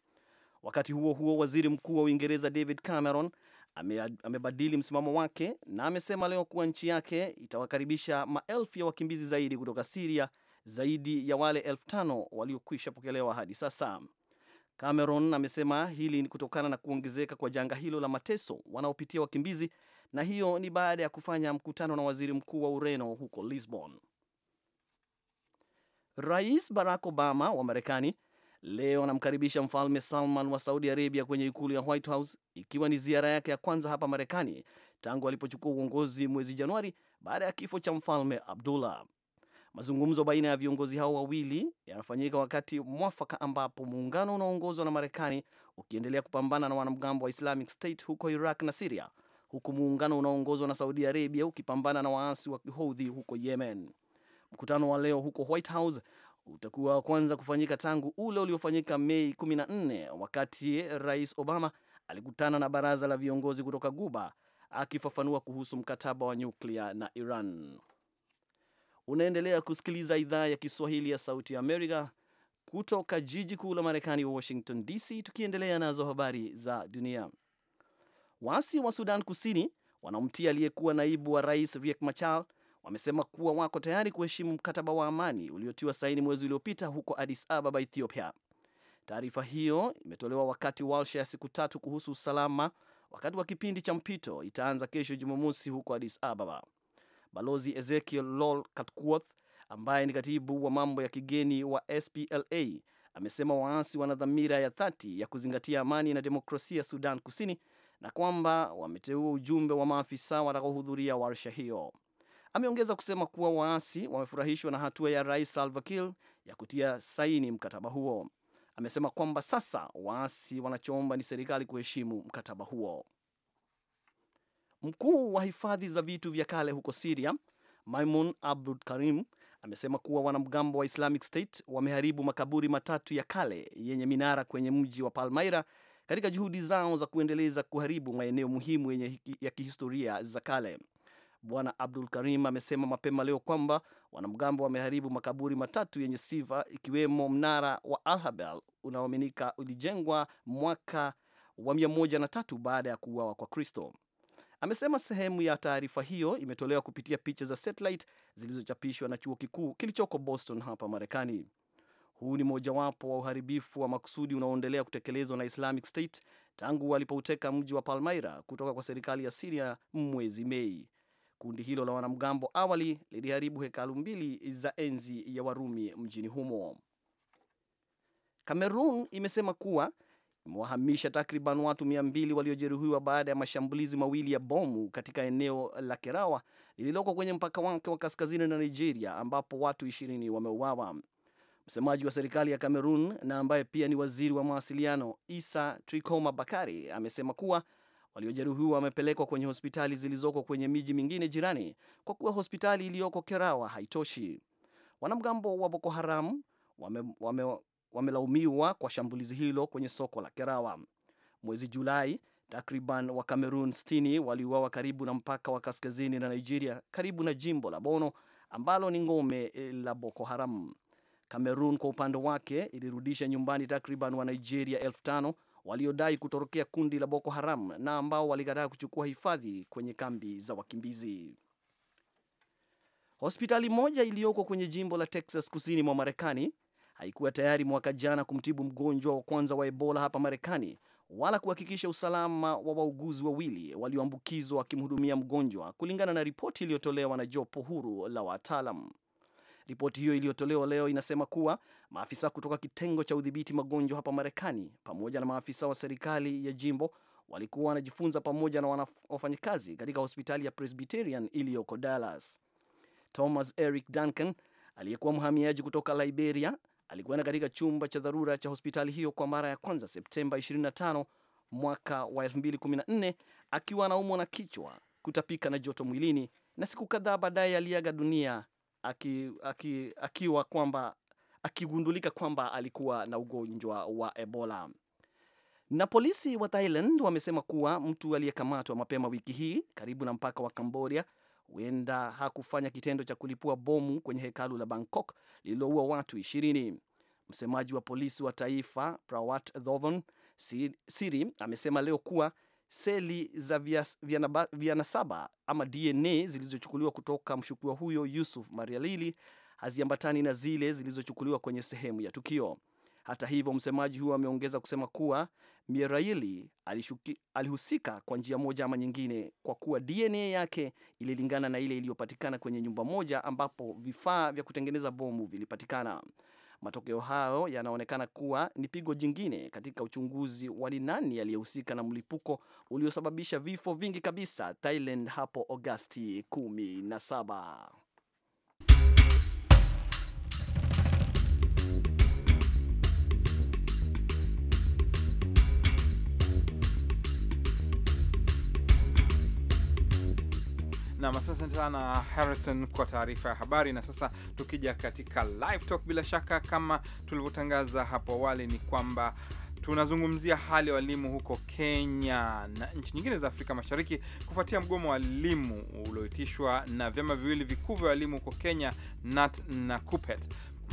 Wakati huo huo, waziri mkuu wa Uingereza David Cameron ame, amebadili msimamo wake na amesema leo kuwa nchi yake itawakaribisha maelfu ya wakimbizi zaidi kutoka Siria zaidi ya wale elfu tano waliokwisha pokelewa hadi sasa. Cameron amesema hili ni kutokana na kuongezeka kwa janga hilo la mateso wanaopitia wakimbizi, na hiyo ni baada ya kufanya mkutano na waziri mkuu wa Ureno huko Lisbon. Rais Barack Obama wa Marekani leo anamkaribisha Mfalme Salman wa Saudi Arabia kwenye ikulu ya White House, ikiwa ni ziara yake ya kwanza hapa Marekani tangu alipochukua uongozi mwezi Januari baada ya kifo cha Mfalme Abdullah. Mazungumzo baina ya viongozi hao wawili yanafanyika wakati mwafaka ambapo muungano unaoongozwa na Marekani ukiendelea kupambana na wanamgambo wa Islamic State huko Iraq na Siria, huku muungano unaoongozwa na Saudi Arabia ukipambana na waasi wa Kihoudhi huko Yemen. Mkutano wa leo huko White House utakuwa wa kwanza kufanyika tangu ule uliofanyika Mei 14 wakati Rais Obama alikutana na baraza la viongozi kutoka Guba akifafanua kuhusu mkataba wa nyuklia na Iran. Unaendelea kusikiliza idhaa ya Kiswahili ya Sauti ya Amerika kutoka jiji kuu la Marekani, Washington DC, tukiendelea nazo habari za dunia. Waasi wa Sudan Kusini wanaomtia aliyekuwa naibu wa rais Riek Machar wamesema kuwa wako tayari kuheshimu mkataba wa amani uliotiwa saini mwezi uliopita huko Addis Ababa, Ethiopia. Taarifa hiyo imetolewa wakati warsha ya siku tatu kuhusu usalama wakati wa kipindi cha mpito itaanza kesho Jumamosi huko Addis Ababa. Balozi Ezekiel Lol Katkuoth ambaye ni katibu wa mambo ya kigeni wa SPLA amesema waasi wana dhamira ya dhati ya kuzingatia amani na demokrasia Sudan Kusini na kwamba wameteua ujumbe wa maafisa watakaohudhuria warsha hiyo. Ameongeza kusema kuwa waasi wamefurahishwa na hatua ya Rais Salva Kiir ya kutia saini mkataba huo. Amesema kwamba sasa waasi wanachoomba ni serikali kuheshimu mkataba huo. Mkuu wa hifadhi za vitu vya kale huko Siria, Maimun Abdul Karim, amesema kuwa wanamgambo wa Islamic State wameharibu makaburi matatu ya kale yenye minara kwenye mji wa Palmaira katika juhudi zao za kuendeleza kuharibu maeneo muhimu yenye ya kihistoria za kale. Bwana Abdul Karim amesema mapema leo kwamba wanamgambo wameharibu makaburi matatu yenye sifa ikiwemo mnara wa Alhabel unaoaminika ulijengwa mwaka wa 13 baada ya kuuawa kwa Kristo. Amesema sehemu ya taarifa hiyo imetolewa kupitia picha za satellite zilizochapishwa na chuo kikuu kilichoko Boston hapa Marekani. Huu ni mojawapo wa uharibifu wa makusudi unaoendelea kutekelezwa na Islamic State tangu walipouteka mji wa Palmaira kutoka kwa serikali ya Siria mwezi Mei. Kundi hilo la wanamgambo awali liliharibu hekalu mbili za enzi ya Warumi mjini humo. Kamerun imesema kuwa imewahamisha takriban watu 200 waliojeruhiwa baada ya mashambulizi mawili ya bomu katika eneo la Kerawa lililoko kwenye mpaka wake wa kaskazini na Nigeria, ambapo watu 20 wameuawa. Msemaji wa serikali ya Cameroon na ambaye pia ni waziri wa mawasiliano Isa Trikoma Bakari amesema kuwa waliojeruhiwa wamepelekwa kwenye hospitali zilizoko kwenye miji mingine jirani kwa kuwa hospitali iliyoko Kerawa haitoshi. Wanamgambo wa Boko Haram wame, wame, wamelaumiwa kwa shambulizi hilo kwenye soko la Kerawa. Mwezi Julai, takriban wa Kamerun 60 waliuawa karibu na mpaka wa kaskazini na Nigeria, karibu na jimbo la Bono ambalo ni ngome eh, la Boko Haram. Kamerun kwa upande wake ilirudisha nyumbani takriban wa Nigeria elfu tano waliodai kutorokea kundi la Boko Haram na ambao walikataa kuchukua hifadhi kwenye kambi za wakimbizi. Hospitali moja iliyoko kwenye jimbo la Texas kusini mwa Marekani haikuwa tayari mwaka jana kumtibu mgonjwa wa kwanza wa Ebola hapa Marekani wala kuhakikisha usalama wa wauguzi wawili walioambukizwa wakimhudumia mgonjwa, kulingana na ripoti iliyotolewa na jopo huru la wataalam. Ripoti hiyo iliyotolewa leo inasema kuwa maafisa kutoka kitengo cha udhibiti magonjwa hapa Marekani pamoja na maafisa wa serikali ya jimbo walikuwa wanajifunza pamoja na wafanyakazi katika hospitali ya Presbyterian iliyoko Dallas. Thomas Eric Duncan aliyekuwa mhamiaji kutoka Liberia alikwenda katika chumba cha dharura cha hospitali hiyo kwa mara ya kwanza Septemba 25 mwaka wa 2014 akiwa anaumwa na kichwa, kutapika na joto mwilini, na siku kadhaa baadaye aliaga dunia aki, aki, akiwa kwamba akigundulika kwamba alikuwa na ugonjwa wa Ebola. Na polisi wa Thailand wamesema kuwa mtu aliyekamatwa mapema wiki hii karibu na mpaka wa Cambodia huenda hakufanya kitendo cha kulipua bomu kwenye hekalu la Bangkok lililoua watu ishirini. Msemaji wa polisi wa taifa Prawat Dhovon Siri amesema leo kuwa seli za vianasaba ama DNA zilizochukuliwa kutoka mshukiwa huyo Yusuf Marialili haziambatani na zile zilizochukuliwa kwenye sehemu ya tukio. Hata hivyo, msemaji huyo ameongeza kusema kuwa alishuki, alihusika kwa njia moja ama nyingine, kwa kuwa DNA yake ililingana na ile iliyopatikana kwenye nyumba moja ambapo vifaa vya kutengeneza bomu vilipatikana. Matokeo hayo yanaonekana kuwa ni pigo jingine katika uchunguzi wa ni nani aliyehusika na mlipuko uliosababisha vifo vingi kabisa Thailand hapo Agosti 17. Nam, asante sana Harrison kwa taarifa ya habari. Na sasa tukija katika live talk, bila shaka kama tulivyotangaza hapo awali ni kwamba tunazungumzia hali ya walimu huko Kenya na nchi nyingine za Afrika Mashariki kufuatia mgomo wa walimu ulioitishwa na vyama viwili vikuu vya walimu huko Kenya, NAT na cupet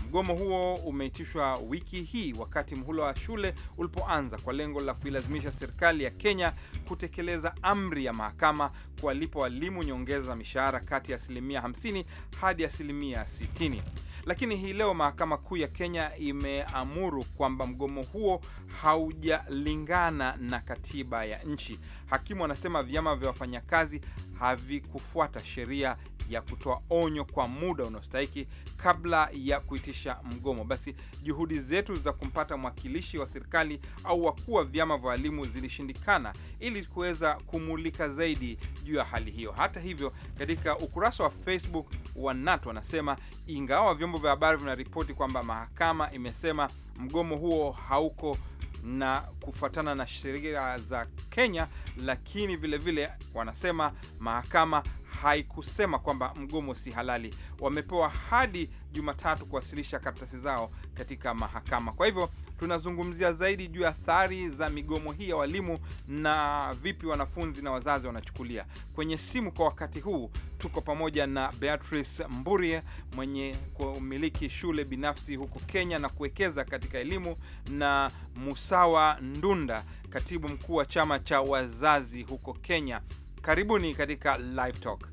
Mgomo huo umeitishwa wiki hii wakati mhula wa shule ulipoanza kwa lengo la kuilazimisha serikali ya Kenya kutekeleza amri ya mahakama kuwalipa walimu nyongeza mishahara kati ya asilimia 50 hadi asilimia 60. Lakini hii leo mahakama kuu ya Kenya imeamuru kwamba mgomo huo haujalingana na katiba ya nchi. Hakimu anasema vyama vya wafanyakazi havikufuata sheria ya kutoa onyo kwa muda unaostahiki kabla ya kuitisha mgomo. Basi juhudi zetu za kumpata mwakilishi wa serikali au wakuu wa vyama vya walimu zilishindikana, ili kuweza kumulika zaidi juu ya hali hiyo. Hata hivyo, katika ukurasa wa Facebook wa NATO wanasema ingawa vyombo vya habari vinaripoti kwamba mahakama imesema mgomo huo hauko na kufuatana na sheria za Kenya, lakini vilevile vile, wanasema mahakama haikusema kwamba mgomo si halali. Wamepewa hadi Jumatatu kuwasilisha karatasi zao katika mahakama. Kwa hivyo tunazungumzia zaidi juu ya athari za migomo hii ya walimu na vipi wanafunzi na wazazi wanachukulia. Kwenye simu kwa wakati huu tuko pamoja na Beatrice Mburie mwenye kumiliki shule binafsi huko Kenya na kuwekeza katika elimu na Musawa Ndunda, katibu mkuu wa chama cha wazazi huko Kenya. Karibuni katika Live Talk.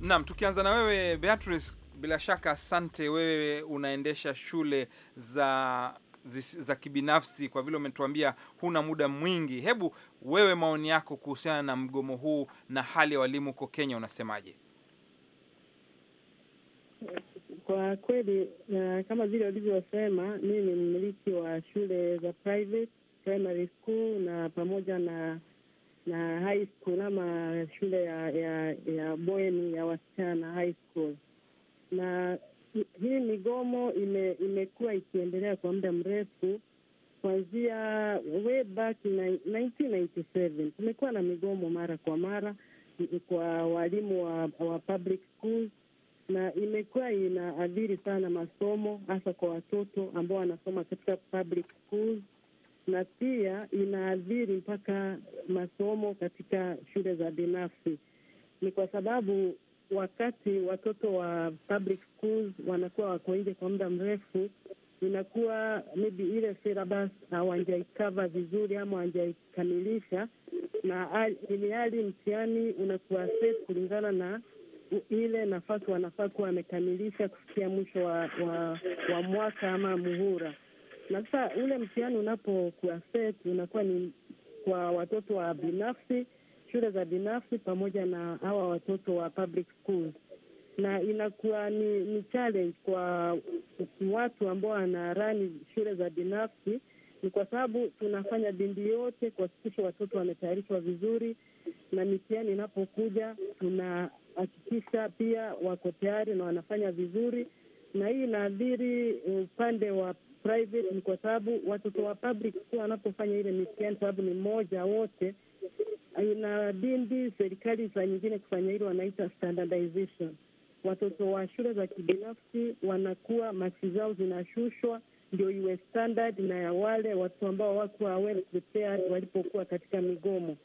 Naam, tukianza na wewe Beatrice, bila shaka asante. Wewe unaendesha shule za za kibinafsi, kwa vile umetuambia huna muda mwingi, hebu wewe, maoni yako kuhusiana na mgomo huu na hali ya walimu huko Kenya, unasemaje? Kwa kweli uh, kama vile walivyosema, mimi ni mmiliki wa shule za private primary school na pamoja na na high school ama shule ya ya, ya bweni ya wasichana high school na hii migomo ime, imekuwa ikiendelea kwa muda mrefu kuanzia way back 1997 na migomo mara kwa mara kwa walimu wa, wa public schools na imekuwa inaadhiri sana masomo hasa kwa watoto ambao wanasoma katika public schools, na pia inaadhiri mpaka masomo katika shule za binafsi. Ni kwa sababu wakati watoto wa public schools wanakuwa wako nje kwa muda mrefu, inakuwa maybe ile syllabus hawajaikava vizuri ama hawajaikamilisha, na ili hali mtihani unakuwa set kulingana na ile nafasi wanafaa kuwa wamekamilisha kufikia mwisho wa, wa, wa mwaka ama muhura Na sasa ule mtihani unapokuwa set unakuwa ni kwa watoto wa binafsi shule za binafsi pamoja na hawa watoto wa public school na inakuwa ni, ni challenge kwa watu ambao wanarani shule za binafsi. Ni kwa sababu tunafanya bindi yote kuhakikisha watoto wametayarishwa vizuri, na mitihani inapokuja tunahakikisha pia wako tayari na wanafanya vizuri, na hii inaathiri upande wa private. Ni kwa sababu watoto wa public wanapofanya ile mitihani, sababu ni mmoja wote inabidi serikali za nyingine kufanya hilo, wanaita standardization. Watoto wa shule za kibinafsi wanakuwa masi zao zinashushwa, ndio iwe standard na ya wale watoto ambao wako well walipokuwa katika migomo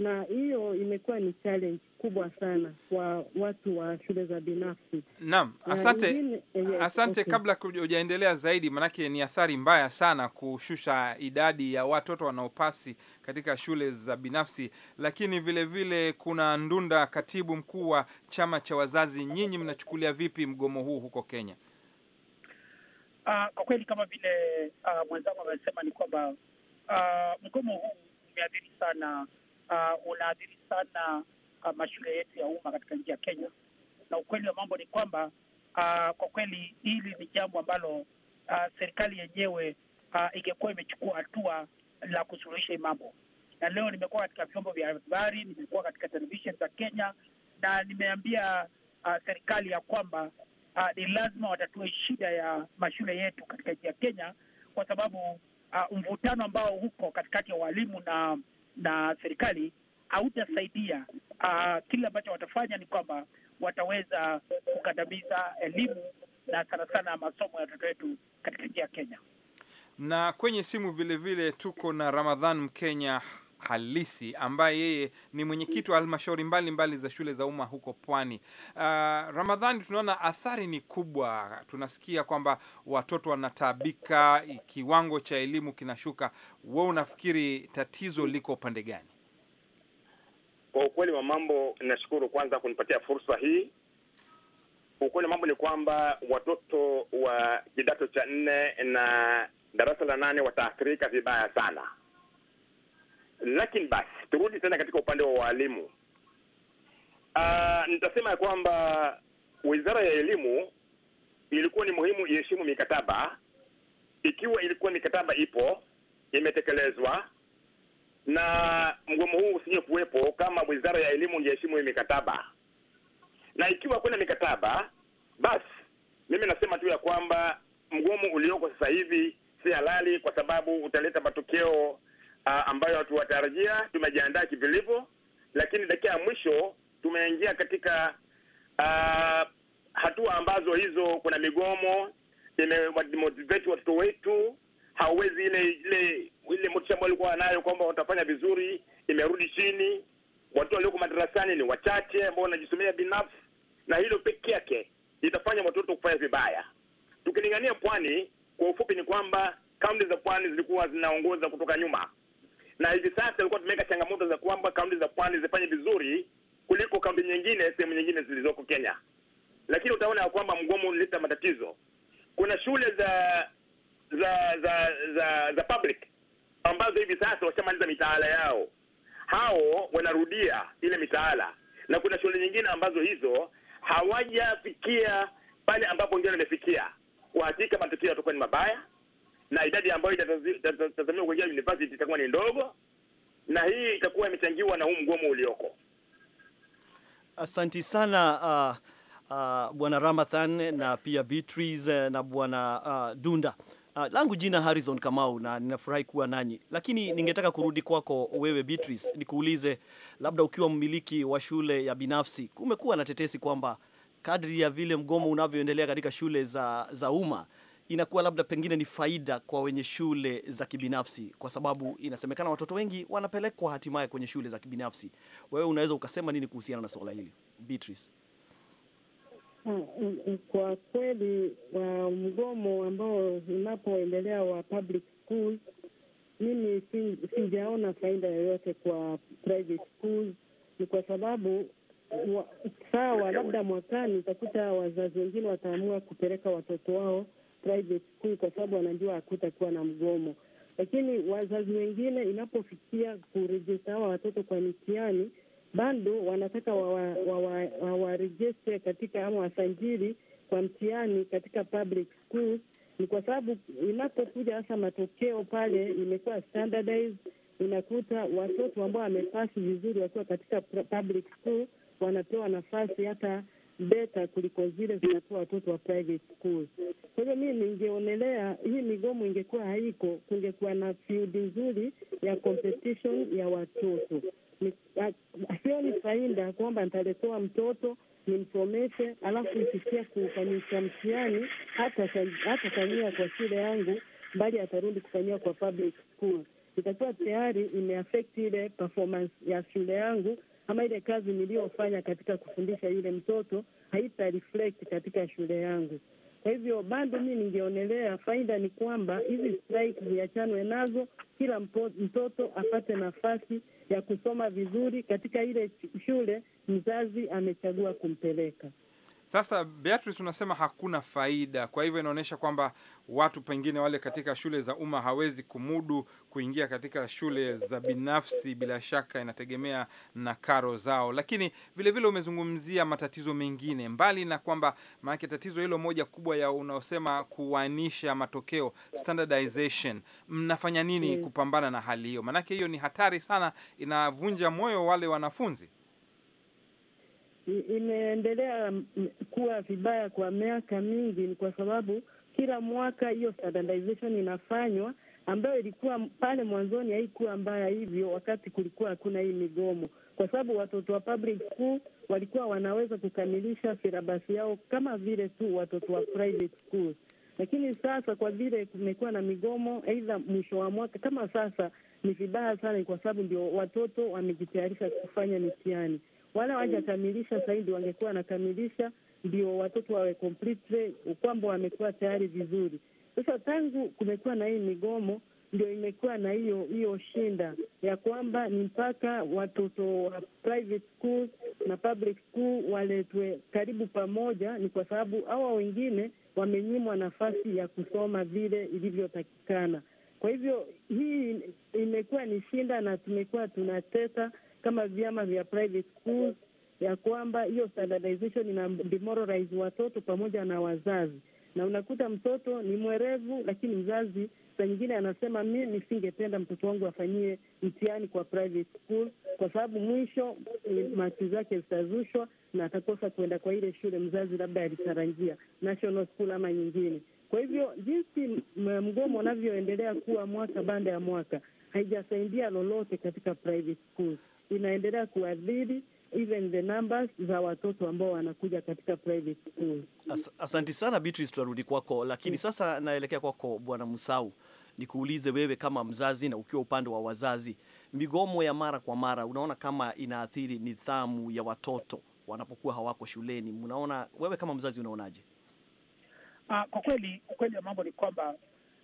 na hiyo imekuwa ni challenge kubwa sana kwa watu wa shule za binafsi. Naam, asante ingine, eh, asante okay. Kabla hujaendelea zaidi, manake ni athari mbaya sana kushusha idadi ya watoto wanaopasi katika shule za binafsi, lakini vile vile kuna Ndunda, katibu mkuu wa chama cha wazazi, nyinyi mnachukulia vipi mgomo huu huko Kenya? Uh, kwa kweli kama vile uh, mwenzangu amesema ni kwamba uh, mgomo huu umeathiri sana uh, unaathiri sana uh, mashule yetu ya umma katika nchi ya Kenya, na ukweli wa mambo ni kwamba uh, kwa kweli hili ni jambo ambalo uh, serikali yenyewe uh, ingekuwa imechukua hatua la kusuluhisha hii mambo, na leo nimekuwa katika vyombo vya habari, nimekuwa katika televisheni za Kenya na nimeambia uh, serikali ya kwamba uh, ni lazima watatue shida ya mashule yetu katika nchi ya Kenya kwa sababu uh, mvutano ambao huko katikati ya walimu na na serikali hautasaidia. Uh, kile ambacho watafanya ni kwamba wataweza kukandamiza elimu na sana sana masomo ya watoto wetu katika nchi ya Kenya. Na kwenye simu vilevile vile tuko na Ramadhan Mkenya halisi ambaye yeye ni mwenyekiti wa halmashauri mbalimbali za shule za umma huko Pwani. Uh, Ramadhani, tunaona athari ni kubwa, tunasikia kwamba watoto wanataabika, kiwango cha elimu kinashuka. Wewe unafikiri tatizo liko upande gani? Kwa ukweli wa mambo, nashukuru kwanza kunipatia fursa hii. Ukweli wa mambo ni kwamba watoto wa kidato cha nne na darasa la nane wataathirika vibaya sana lakini basi turudi tena katika upande wa waalimu. Ah, nitasema ya kwamba Wizara ya Elimu ilikuwa ni muhimu iheshimu mikataba, ikiwa ilikuwa mikataba ipo imetekelezwa, na mgomo huu usije kuwepo kama Wizara ya Elimu ingeheshimu hii mikataba, na ikiwa kuna mikataba, basi mimi nasema tu ya kwamba mgomo ulioko sasa hivi si halali, kwa sababu utaleta matokeo uh, ambayo hatuwatarajia. Tumejiandaa kivilivo, lakini dakika ya mwisho tumeingia katika uh, hatua ambazo hizo, kuna migomo imemotivate watoto wetu, hauwezi ile ile ile motisha ambayo walikuwa nayo kwamba watafanya vizuri imerudi chini. Watoto walioko madarasani ni wachache ambao wanajisomea binafsi, na hilo peke yake itafanya watoto kufanya vibaya. Tukilingania pwani, kwa ufupi ni kwamba kaunti za pwani zilikuwa zinaongoza kutoka nyuma, na hivi sasa alikuwa tumeweka changamoto za kwamba kaunti za pwani zifanye vizuri kuliko kaunti nyingine, sehemu nyingine zilizoko Kenya, lakini utaona ya kwamba mgomo unaleta matatizo. Kuna shule za za za za, za public ambazo hivi sasa washamaliza mitaala yao, hao wanarudia ile mitaala, na kuna shule nyingine ambazo hizo hawajafikia pale ambapo wengine wamefikia. Kwa hakika matokeo yatakuwa ni mabaya na idadi ambayo itatazamiwa kuingia university itakuwa ni ndogo, na hii itakuwa imechangiwa na huu mgomo ulioko. Asanti sana uh, uh, Bwana Ramadhan na pia Beatrice eh, na Bwana uh, Dunda. Uh, langu jina Harrison Kamau na ninafurahi kuwa nanyi, lakini ningetaka kurudi kwako wewe Beatrice, nikuulize labda, ukiwa mmiliki wa shule ya binafsi, kumekuwa na tetesi kwamba kadri ya vile mgomo unavyoendelea katika shule za, za umma inakuwa labda pengine ni faida kwa wenye shule za kibinafsi, kwa sababu inasemekana watoto wengi wanapelekwa hatimaye kwenye shule za kibinafsi. Wewe unaweza ukasema nini kuhusiana na swala hili Beatrice? Mm, mm, mm, kwa kweli wa mgomo ambao unapoendelea wa public school, mimi sijaona faida yoyote kwa private school. Ni kwa sababu sawa, labda mwakani utakuta wazazi wengine wataamua kupeleka watoto wao private school, kwa sababu wanajua hakutakuwa na mgomo. Lakini wazazi wengine inapofikia kurejesta hawa watoto kwa mitihani, bado wanataka wawarejeste katika ama wasanjiri kwa mtihani katika public school. Ni kwa sababu inapokuja hasa matokeo pale, imekuwa standardized, inakuta watoto ambao wamepasi vizuri wakiwa katika public school wanapewa nafasi hata beta kuliko zile zinatoa watoto wa private schools. Kwa hiyo mimi ningeonelea hii migomo ingekuwa haiko, kungekuwa na field nzuri ya competition ya watoto. Sio ni faida kwamba nitaletoa mtoto nimsomeshe, alafu ikifikia kufanyisha mtihani hata fanyia kwa shule yangu, bali atarudi kufanyia kwa public school, itakuwa tayari imeaffect ile performance ya shule yangu ama ile kazi niliyofanya katika kufundisha yule mtoto haita reflect katika shule yangu. Kwa hivyo bado mi ningeonelea faida ni kwamba hizi strike ziachanwe nazo, kila mpo, mtoto apate nafasi ya kusoma vizuri katika ile shule mzazi amechagua kumpeleka. Sasa Beatrice, unasema hakuna faida, kwa hivyo inaonyesha kwamba watu pengine wale katika shule za umma hawezi kumudu kuingia katika shule za binafsi. Bila shaka inategemea na karo zao, lakini vilevile vile umezungumzia matatizo mengine mbali na kwamba, maanake tatizo hilo moja kubwa ya unaosema kuwanisha matokeo standardization, mnafanya nini hmm. kupambana na hali hiyo? Maanake hiyo ni hatari sana, inavunja moyo wale wanafunzi imeendelea mm, kuwa vibaya kwa miaka mingi, ni kwa sababu kila mwaka hiyo standardization inafanywa, ambayo ilikuwa pale mwanzoni haikuwa mbaya hivyo, wakati kulikuwa hakuna hii migomo, kwa sababu watoto wa public school walikuwa wanaweza kukamilisha silabasi yao kama vile tu watoto wa private Lakini sasa kwa vile kumekuwa na migomo, aidha mwisho wa mwaka kama sasa, ni vibaya sana, kwa sababu ndio watoto wamejitayarisha kufanya mitihani wala mm. wajakamilisha zaidi, wangekuwa wanakamilisha ndio watoto wawe complete kwamba wamekuwa tayari vizuri. Sasa tangu kumekuwa na hii migomo, ndio imekuwa na hiyo hiyo shinda ya kwamba ni mpaka watoto wa private school na public school waletwe karibu pamoja. Ni kwa sababu hawa wengine wamenyimwa nafasi ya kusoma vile ilivyotakikana. Kwa hivyo hii imekuwa ni shinda na tumekuwa tunateta kama vyama vya private schools, ya kwamba hiyo standardization ina demoralize watoto pamoja na wazazi, na unakuta mtoto ni mwerevu, lakini mzazi saa nyingine anasema mi nisingependa mtoto wangu afanyie mtihani kwa private school, kwa sababu mwisho maksi zake zitazushwa na atakosa kuenda kwa ile shule mzazi labda alitarajia national school ama nyingine. Kwa hivyo jinsi mgomo unavyoendelea kuwa mwaka baada ya mwaka haijasaidia lolote katika private schools inaendelea kuadhiri even the numbers za watoto ambao wanakuja katika private school. As, asanti sana Beatrice, tunarudi kwako lakini mm. sasa naelekea kwako Bwana Musau nikuulize wewe kama mzazi na ukiwa upande wa wazazi, migomo ya mara kwa mara unaona kama inaathiri nidhamu ya watoto wanapokuwa hawako shuleni? Mnaona wewe kama mzazi unaonaje? Uh, kwa kweli ukweli wa mambo ni kwamba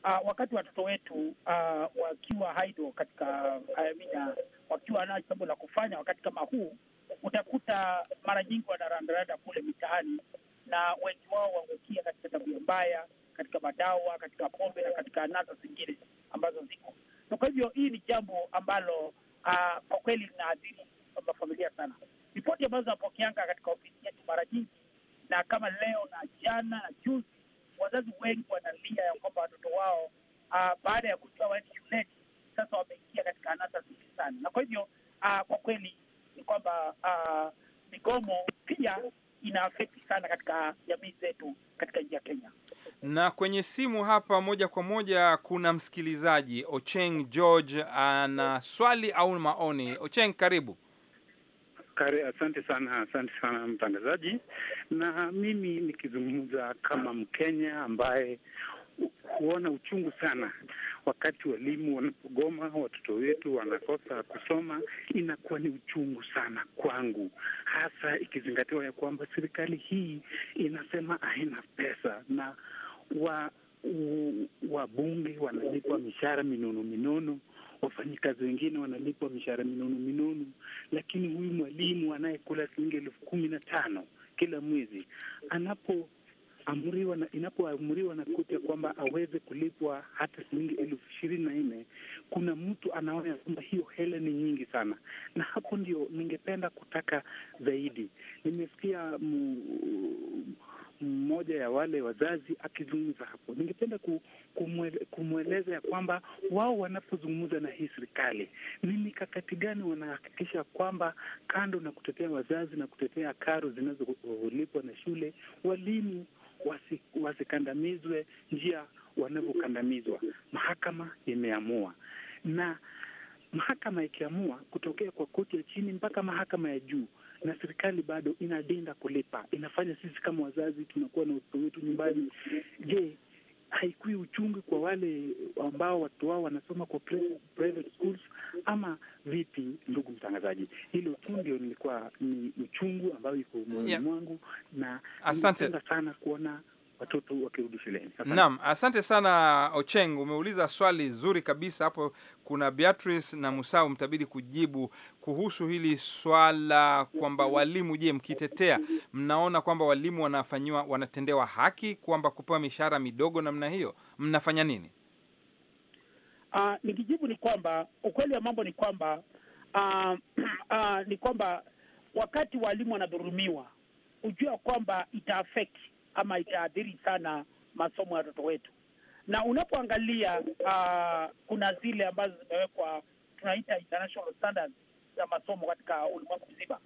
uh, wakati watoto wetu uh, wakiwa haido katika uh, wakiwa wanao jambo la kufanya wakati kama huu, utakuta mara nyingi wanarandaranda kule mitaani, na wengi wao wangukia katika tabia mbaya, katika madawa, katika pombe na katika anasa zingine ambazo ziko So, Kwa hivyo hii ni jambo ambalo ah, kwa kweli linaadhiri mafamilia sana. Ripoti ambazo zinapokeanga katika ofisi yetu mara nyingi, na kama leo na jana na juzi, wazazi wengi wanalia ya kwamba watoto wao ah, baada ya kutoa waende shuleni sasa wameingia katika anasa zingi sana, na kwa hivyo uh, kwa kweli ni kwamba uh, migomo pia ina afekti sana katika jamii zetu katika nchi ya Kenya. Na kwenye simu hapa moja kwa moja kuna msikilizaji Ocheng George ana swali au maoni. Ocheng, karibu. Kare, asante sana, asante sana mtangazaji. Na mimi nikizungumza kama Mkenya ambaye huona uchungu sana wakati walimu wanapogoma, watoto wetu wanakosa kusoma, inakuwa ni uchungu sana kwangu, hasa ikizingatiwa ya kwamba serikali hii inasema haina pesa na wa wabunge wanalipwa mishahara minono minono, wafanyikazi wengine wanalipwa mishahara minono minono, lakini huyu mwalimu anayekula shilingi elfu kumi na tano kila mwezi anapo amriwa na inapoamriwa na koti kwamba aweze kulipwa hata shilingi elfu ishirini na nne kuna mtu anaona kwamba hiyo hela ni nyingi sana, na hapo ndio ningependa kutaka zaidi. Nimesikia mmoja ya wale wazazi akizungumza hapo, ningependa ku, kumweleza ya kwamba wao wanapozungumza na hii serikali ni mikakati gani wanahakikisha kwamba kando na kutetea wazazi na kutetea karo zinazolipwa na shule, walimu wasi, wasikandamizwe njia wanavyokandamizwa. Mahakama imeamua, na mahakama ikiamua kutokea kwa koti ya chini mpaka mahakama ya juu na serikali bado inadinda kulipa, inafanya sisi kama wazazi tunakuwa na watoto wetu nyumbani. Je, haikui uchungu kwa wale ambao watoto wao wanasoma kwa private schools ama vipi? Ndugu mtangazaji, hilo tu ndio nilikuwa ni uchungu ambayo iko moyoni mwangu, na asante sana kuona watoto wakirudi shuleni. Naam, asante sana Ocheng, umeuliza swali zuri kabisa hapo. Kuna Beatrice na Musau mtabidi kujibu kuhusu hili swala kwamba walimu, je, mkitetea mnaona kwamba walimu wanafanyiwa wanatendewa haki kwamba kupewa mishahara midogo namna hiyo, mnafanya nini? Uh, nikijibu ni kwamba ukweli wa mambo ni kwamba uh, uh, ni kwamba wakati walimu wanadhulumiwa, hujua kwamba ita affect ama itaadhiri sana masomo ya watoto wetu. Na unapoangalia uh, kuna zile ambazo zimewekwa tunaita international standards ya masomo katika ulimwengu mzima.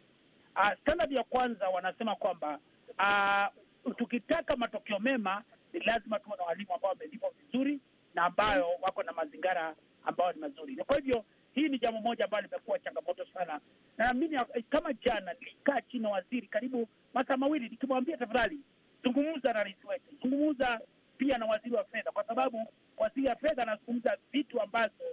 Uh, standard ya kwanza wanasema kwamba uh, tukitaka matokeo mema ni lazima tuwe na walimu ambao wamelipwa vizuri na ambayo wako na mazingira ambayo ni mazuri. Kwa hivyo hii ni jambo moja ambayo limekuwa changamoto sana, na mimi kama jana nilikaa chini na waziri karibu masaa mawili nikimwambia, tafadhali zungumza na rais wetu, zungumza pia na waziri wa fedha, kwa sababu waziri wa fedha anazungumza vitu ambazo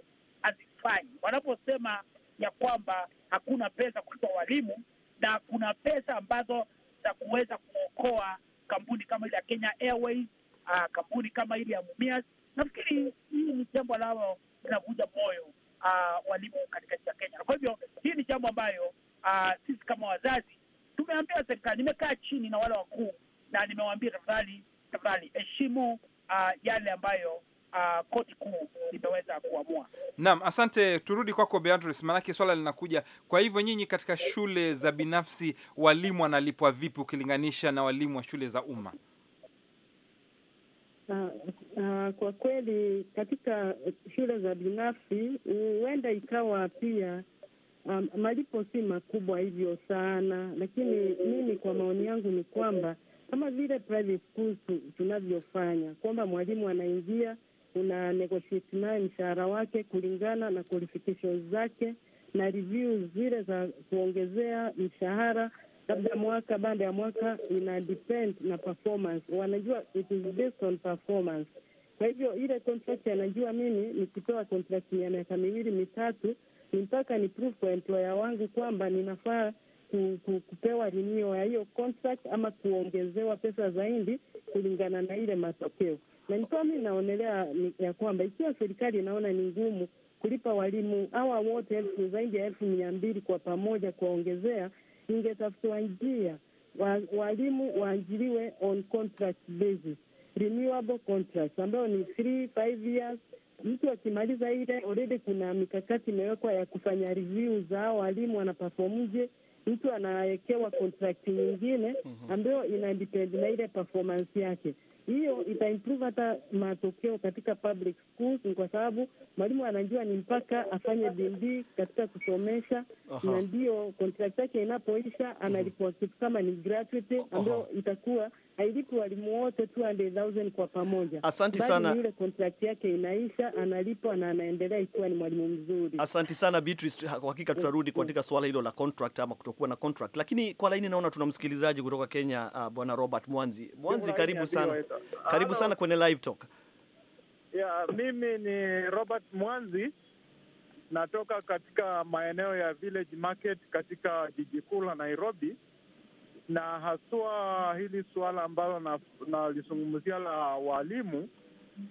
hazifanyi. Wanaposema ya kwamba hakuna pesa kulipa walimu na kuna pesa ambazo za kuweza kuokoa kampuni kama ile ya Kenya Airways, uh, kampuni kama ile ya Mumias. Nafikiri hii ni jambo lao linavuja moyo uh, walimu katika nchi ya Kenya. Kwa hivyo hii ni jambo ambayo uh, sisi kama wazazi tumeambia serikali, nimekaa chini na wale wakuu na nimewaambia tafadhali, tafadhali heshimu uh, yale ambayo uh, koti kuu imeweza kuamua. Naam, asante. Turudi kwako Beatrice, maanake swala linakuja. Kwa hivyo nyinyi, katika shule za binafsi walimu wanalipwa vipi ukilinganisha na walimu wa shule za umma? Uh, uh, kwa kweli katika shule za binafsi huenda ikawa pia um, malipo si makubwa hivyo sana, lakini mimi kwa maoni yangu ni kwamba kama vile private schools tunavyofanya, kwamba mwalimu anaingia, una negotiate naye mshahara wake kulingana na qualifications zake na review zile za kuongezea mshahara labda mwaka baada ya mwaka, ina depend na performance. Wanajua it is based on performance. Kwa hivyo ile contract anajua mimi nikipewa contract ya miaka miwili mitatu, ni mpaka ni proof kwa employer wangu kwamba ninafaa ku, ku, kupewa renewal ya hiyo contract ama kuongezewa pesa zaidi kulingana na ile matokeo. Na nikiwa mi naonelea ya kwamba ikiwa serikali inaona ni ngumu kulipa walimu hawa wote elfu zaidi ya elfu mia mbili kwa pamoja kuwaongezea, ingetafutiwa njia wa, walimu waajiriwe on contract basis, renewable ambayo ni three five years. Mtu akimaliza ile already, kuna mikakati imewekwa ya kufanya review za hao walimu wanapafomuje, mtu anawekewa kontrakti nyingine mhm. ambayo ina depend na ile performance yake. Hiyo itaimprove hata matokeo katika public schools, kwa sababu mwalimu anajua ni mpaka afanye bidii katika kusomesha Aha. na ndiyo kontrakti yake inapoisha mhm. analipwa kitu kama ni gratuity ambayo itakuwa hailipi walimu wote thousand kwa pamoja. Asante sana. Yule contract yake inaisha, analipwa na anaendelea ikiwa ni mwalimu mzuri. Asante sana Beatrice, kwa hakika tutarudi katika swala hilo la contract ama kutokuwa na contract. Lakini kwa laini naona tuna msikilizaji kutoka Kenya, uh, bwana Robert Mwanzi. Mwanzi, karibu sana. Karibu sana kwenye live talk. Yeah, mimi ni Robert Mwanzi natoka katika maeneo ya Village Market katika jiji kuu la Nairobi na haswa hili suala ambalo nalizungumzia na la walimu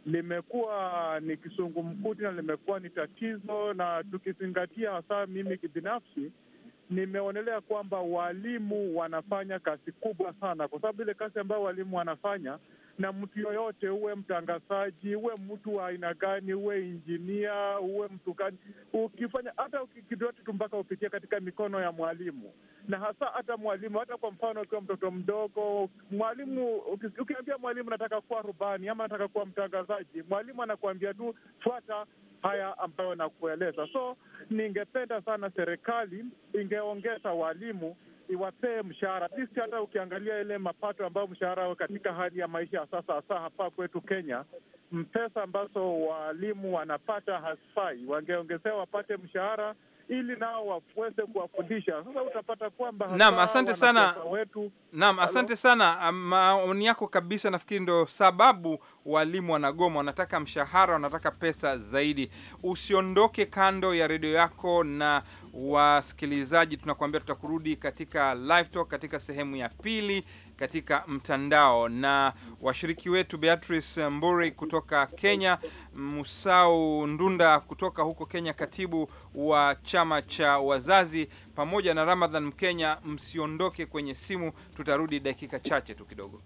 limekuwa ni kisungumkuti na limekuwa ni tatizo, na tukizingatia hasa mimi kibinafsi nimeonelea kwamba walimu wanafanya kazi kubwa sana, kwa sababu ile kazi ambayo walimu wanafanya, na mtu yoyote, uwe mtangazaji, uwe mtu wa aina gani, uwe injinia, uwe mtu gani, ukifanya hata kitu yote tu mpaka upitie katika mikono ya mwalimu, na hasa hata mwalimu, hata kwa mfano, ukiwa mtoto mdogo, mwalimu ukiambia mwalimu nataka kuwa rubani ama nataka kuwa mtangazaji, mwalimu anakuambia tu fuata haya ambayo nakueleza. So ningependa sana serikali ingeongeza walimu iwapee mshahara sisi. Hata ukiangalia ile mapato ambayo mshahara katika hali ya maisha ya sasa, hasa hapa kwetu Kenya, pesa ambazo walimu wanapata hasifai, wangeongezewa wapate mshahara ili nao waweze kuwafundisha. Sasa utapata kwamba naam, asante sana wetu. Naam, asante sana, ah, maoni yako kabisa. Nafikiri ndo sababu walimu wanagoma, wanataka mshahara, wanataka pesa zaidi. Usiondoke kando ya redio yako, na wasikilizaji, tunakuambia tutakurudi katika live talk katika sehemu ya pili katika mtandao, na washiriki wetu Beatrice Mburi kutoka Kenya, Musau Ndunda kutoka huko Kenya, katibu wa chama cha wazazi, pamoja na Ramadhan Mkenya. Msiondoke kwenye simu, tutarudi dakika chache tu kidogo.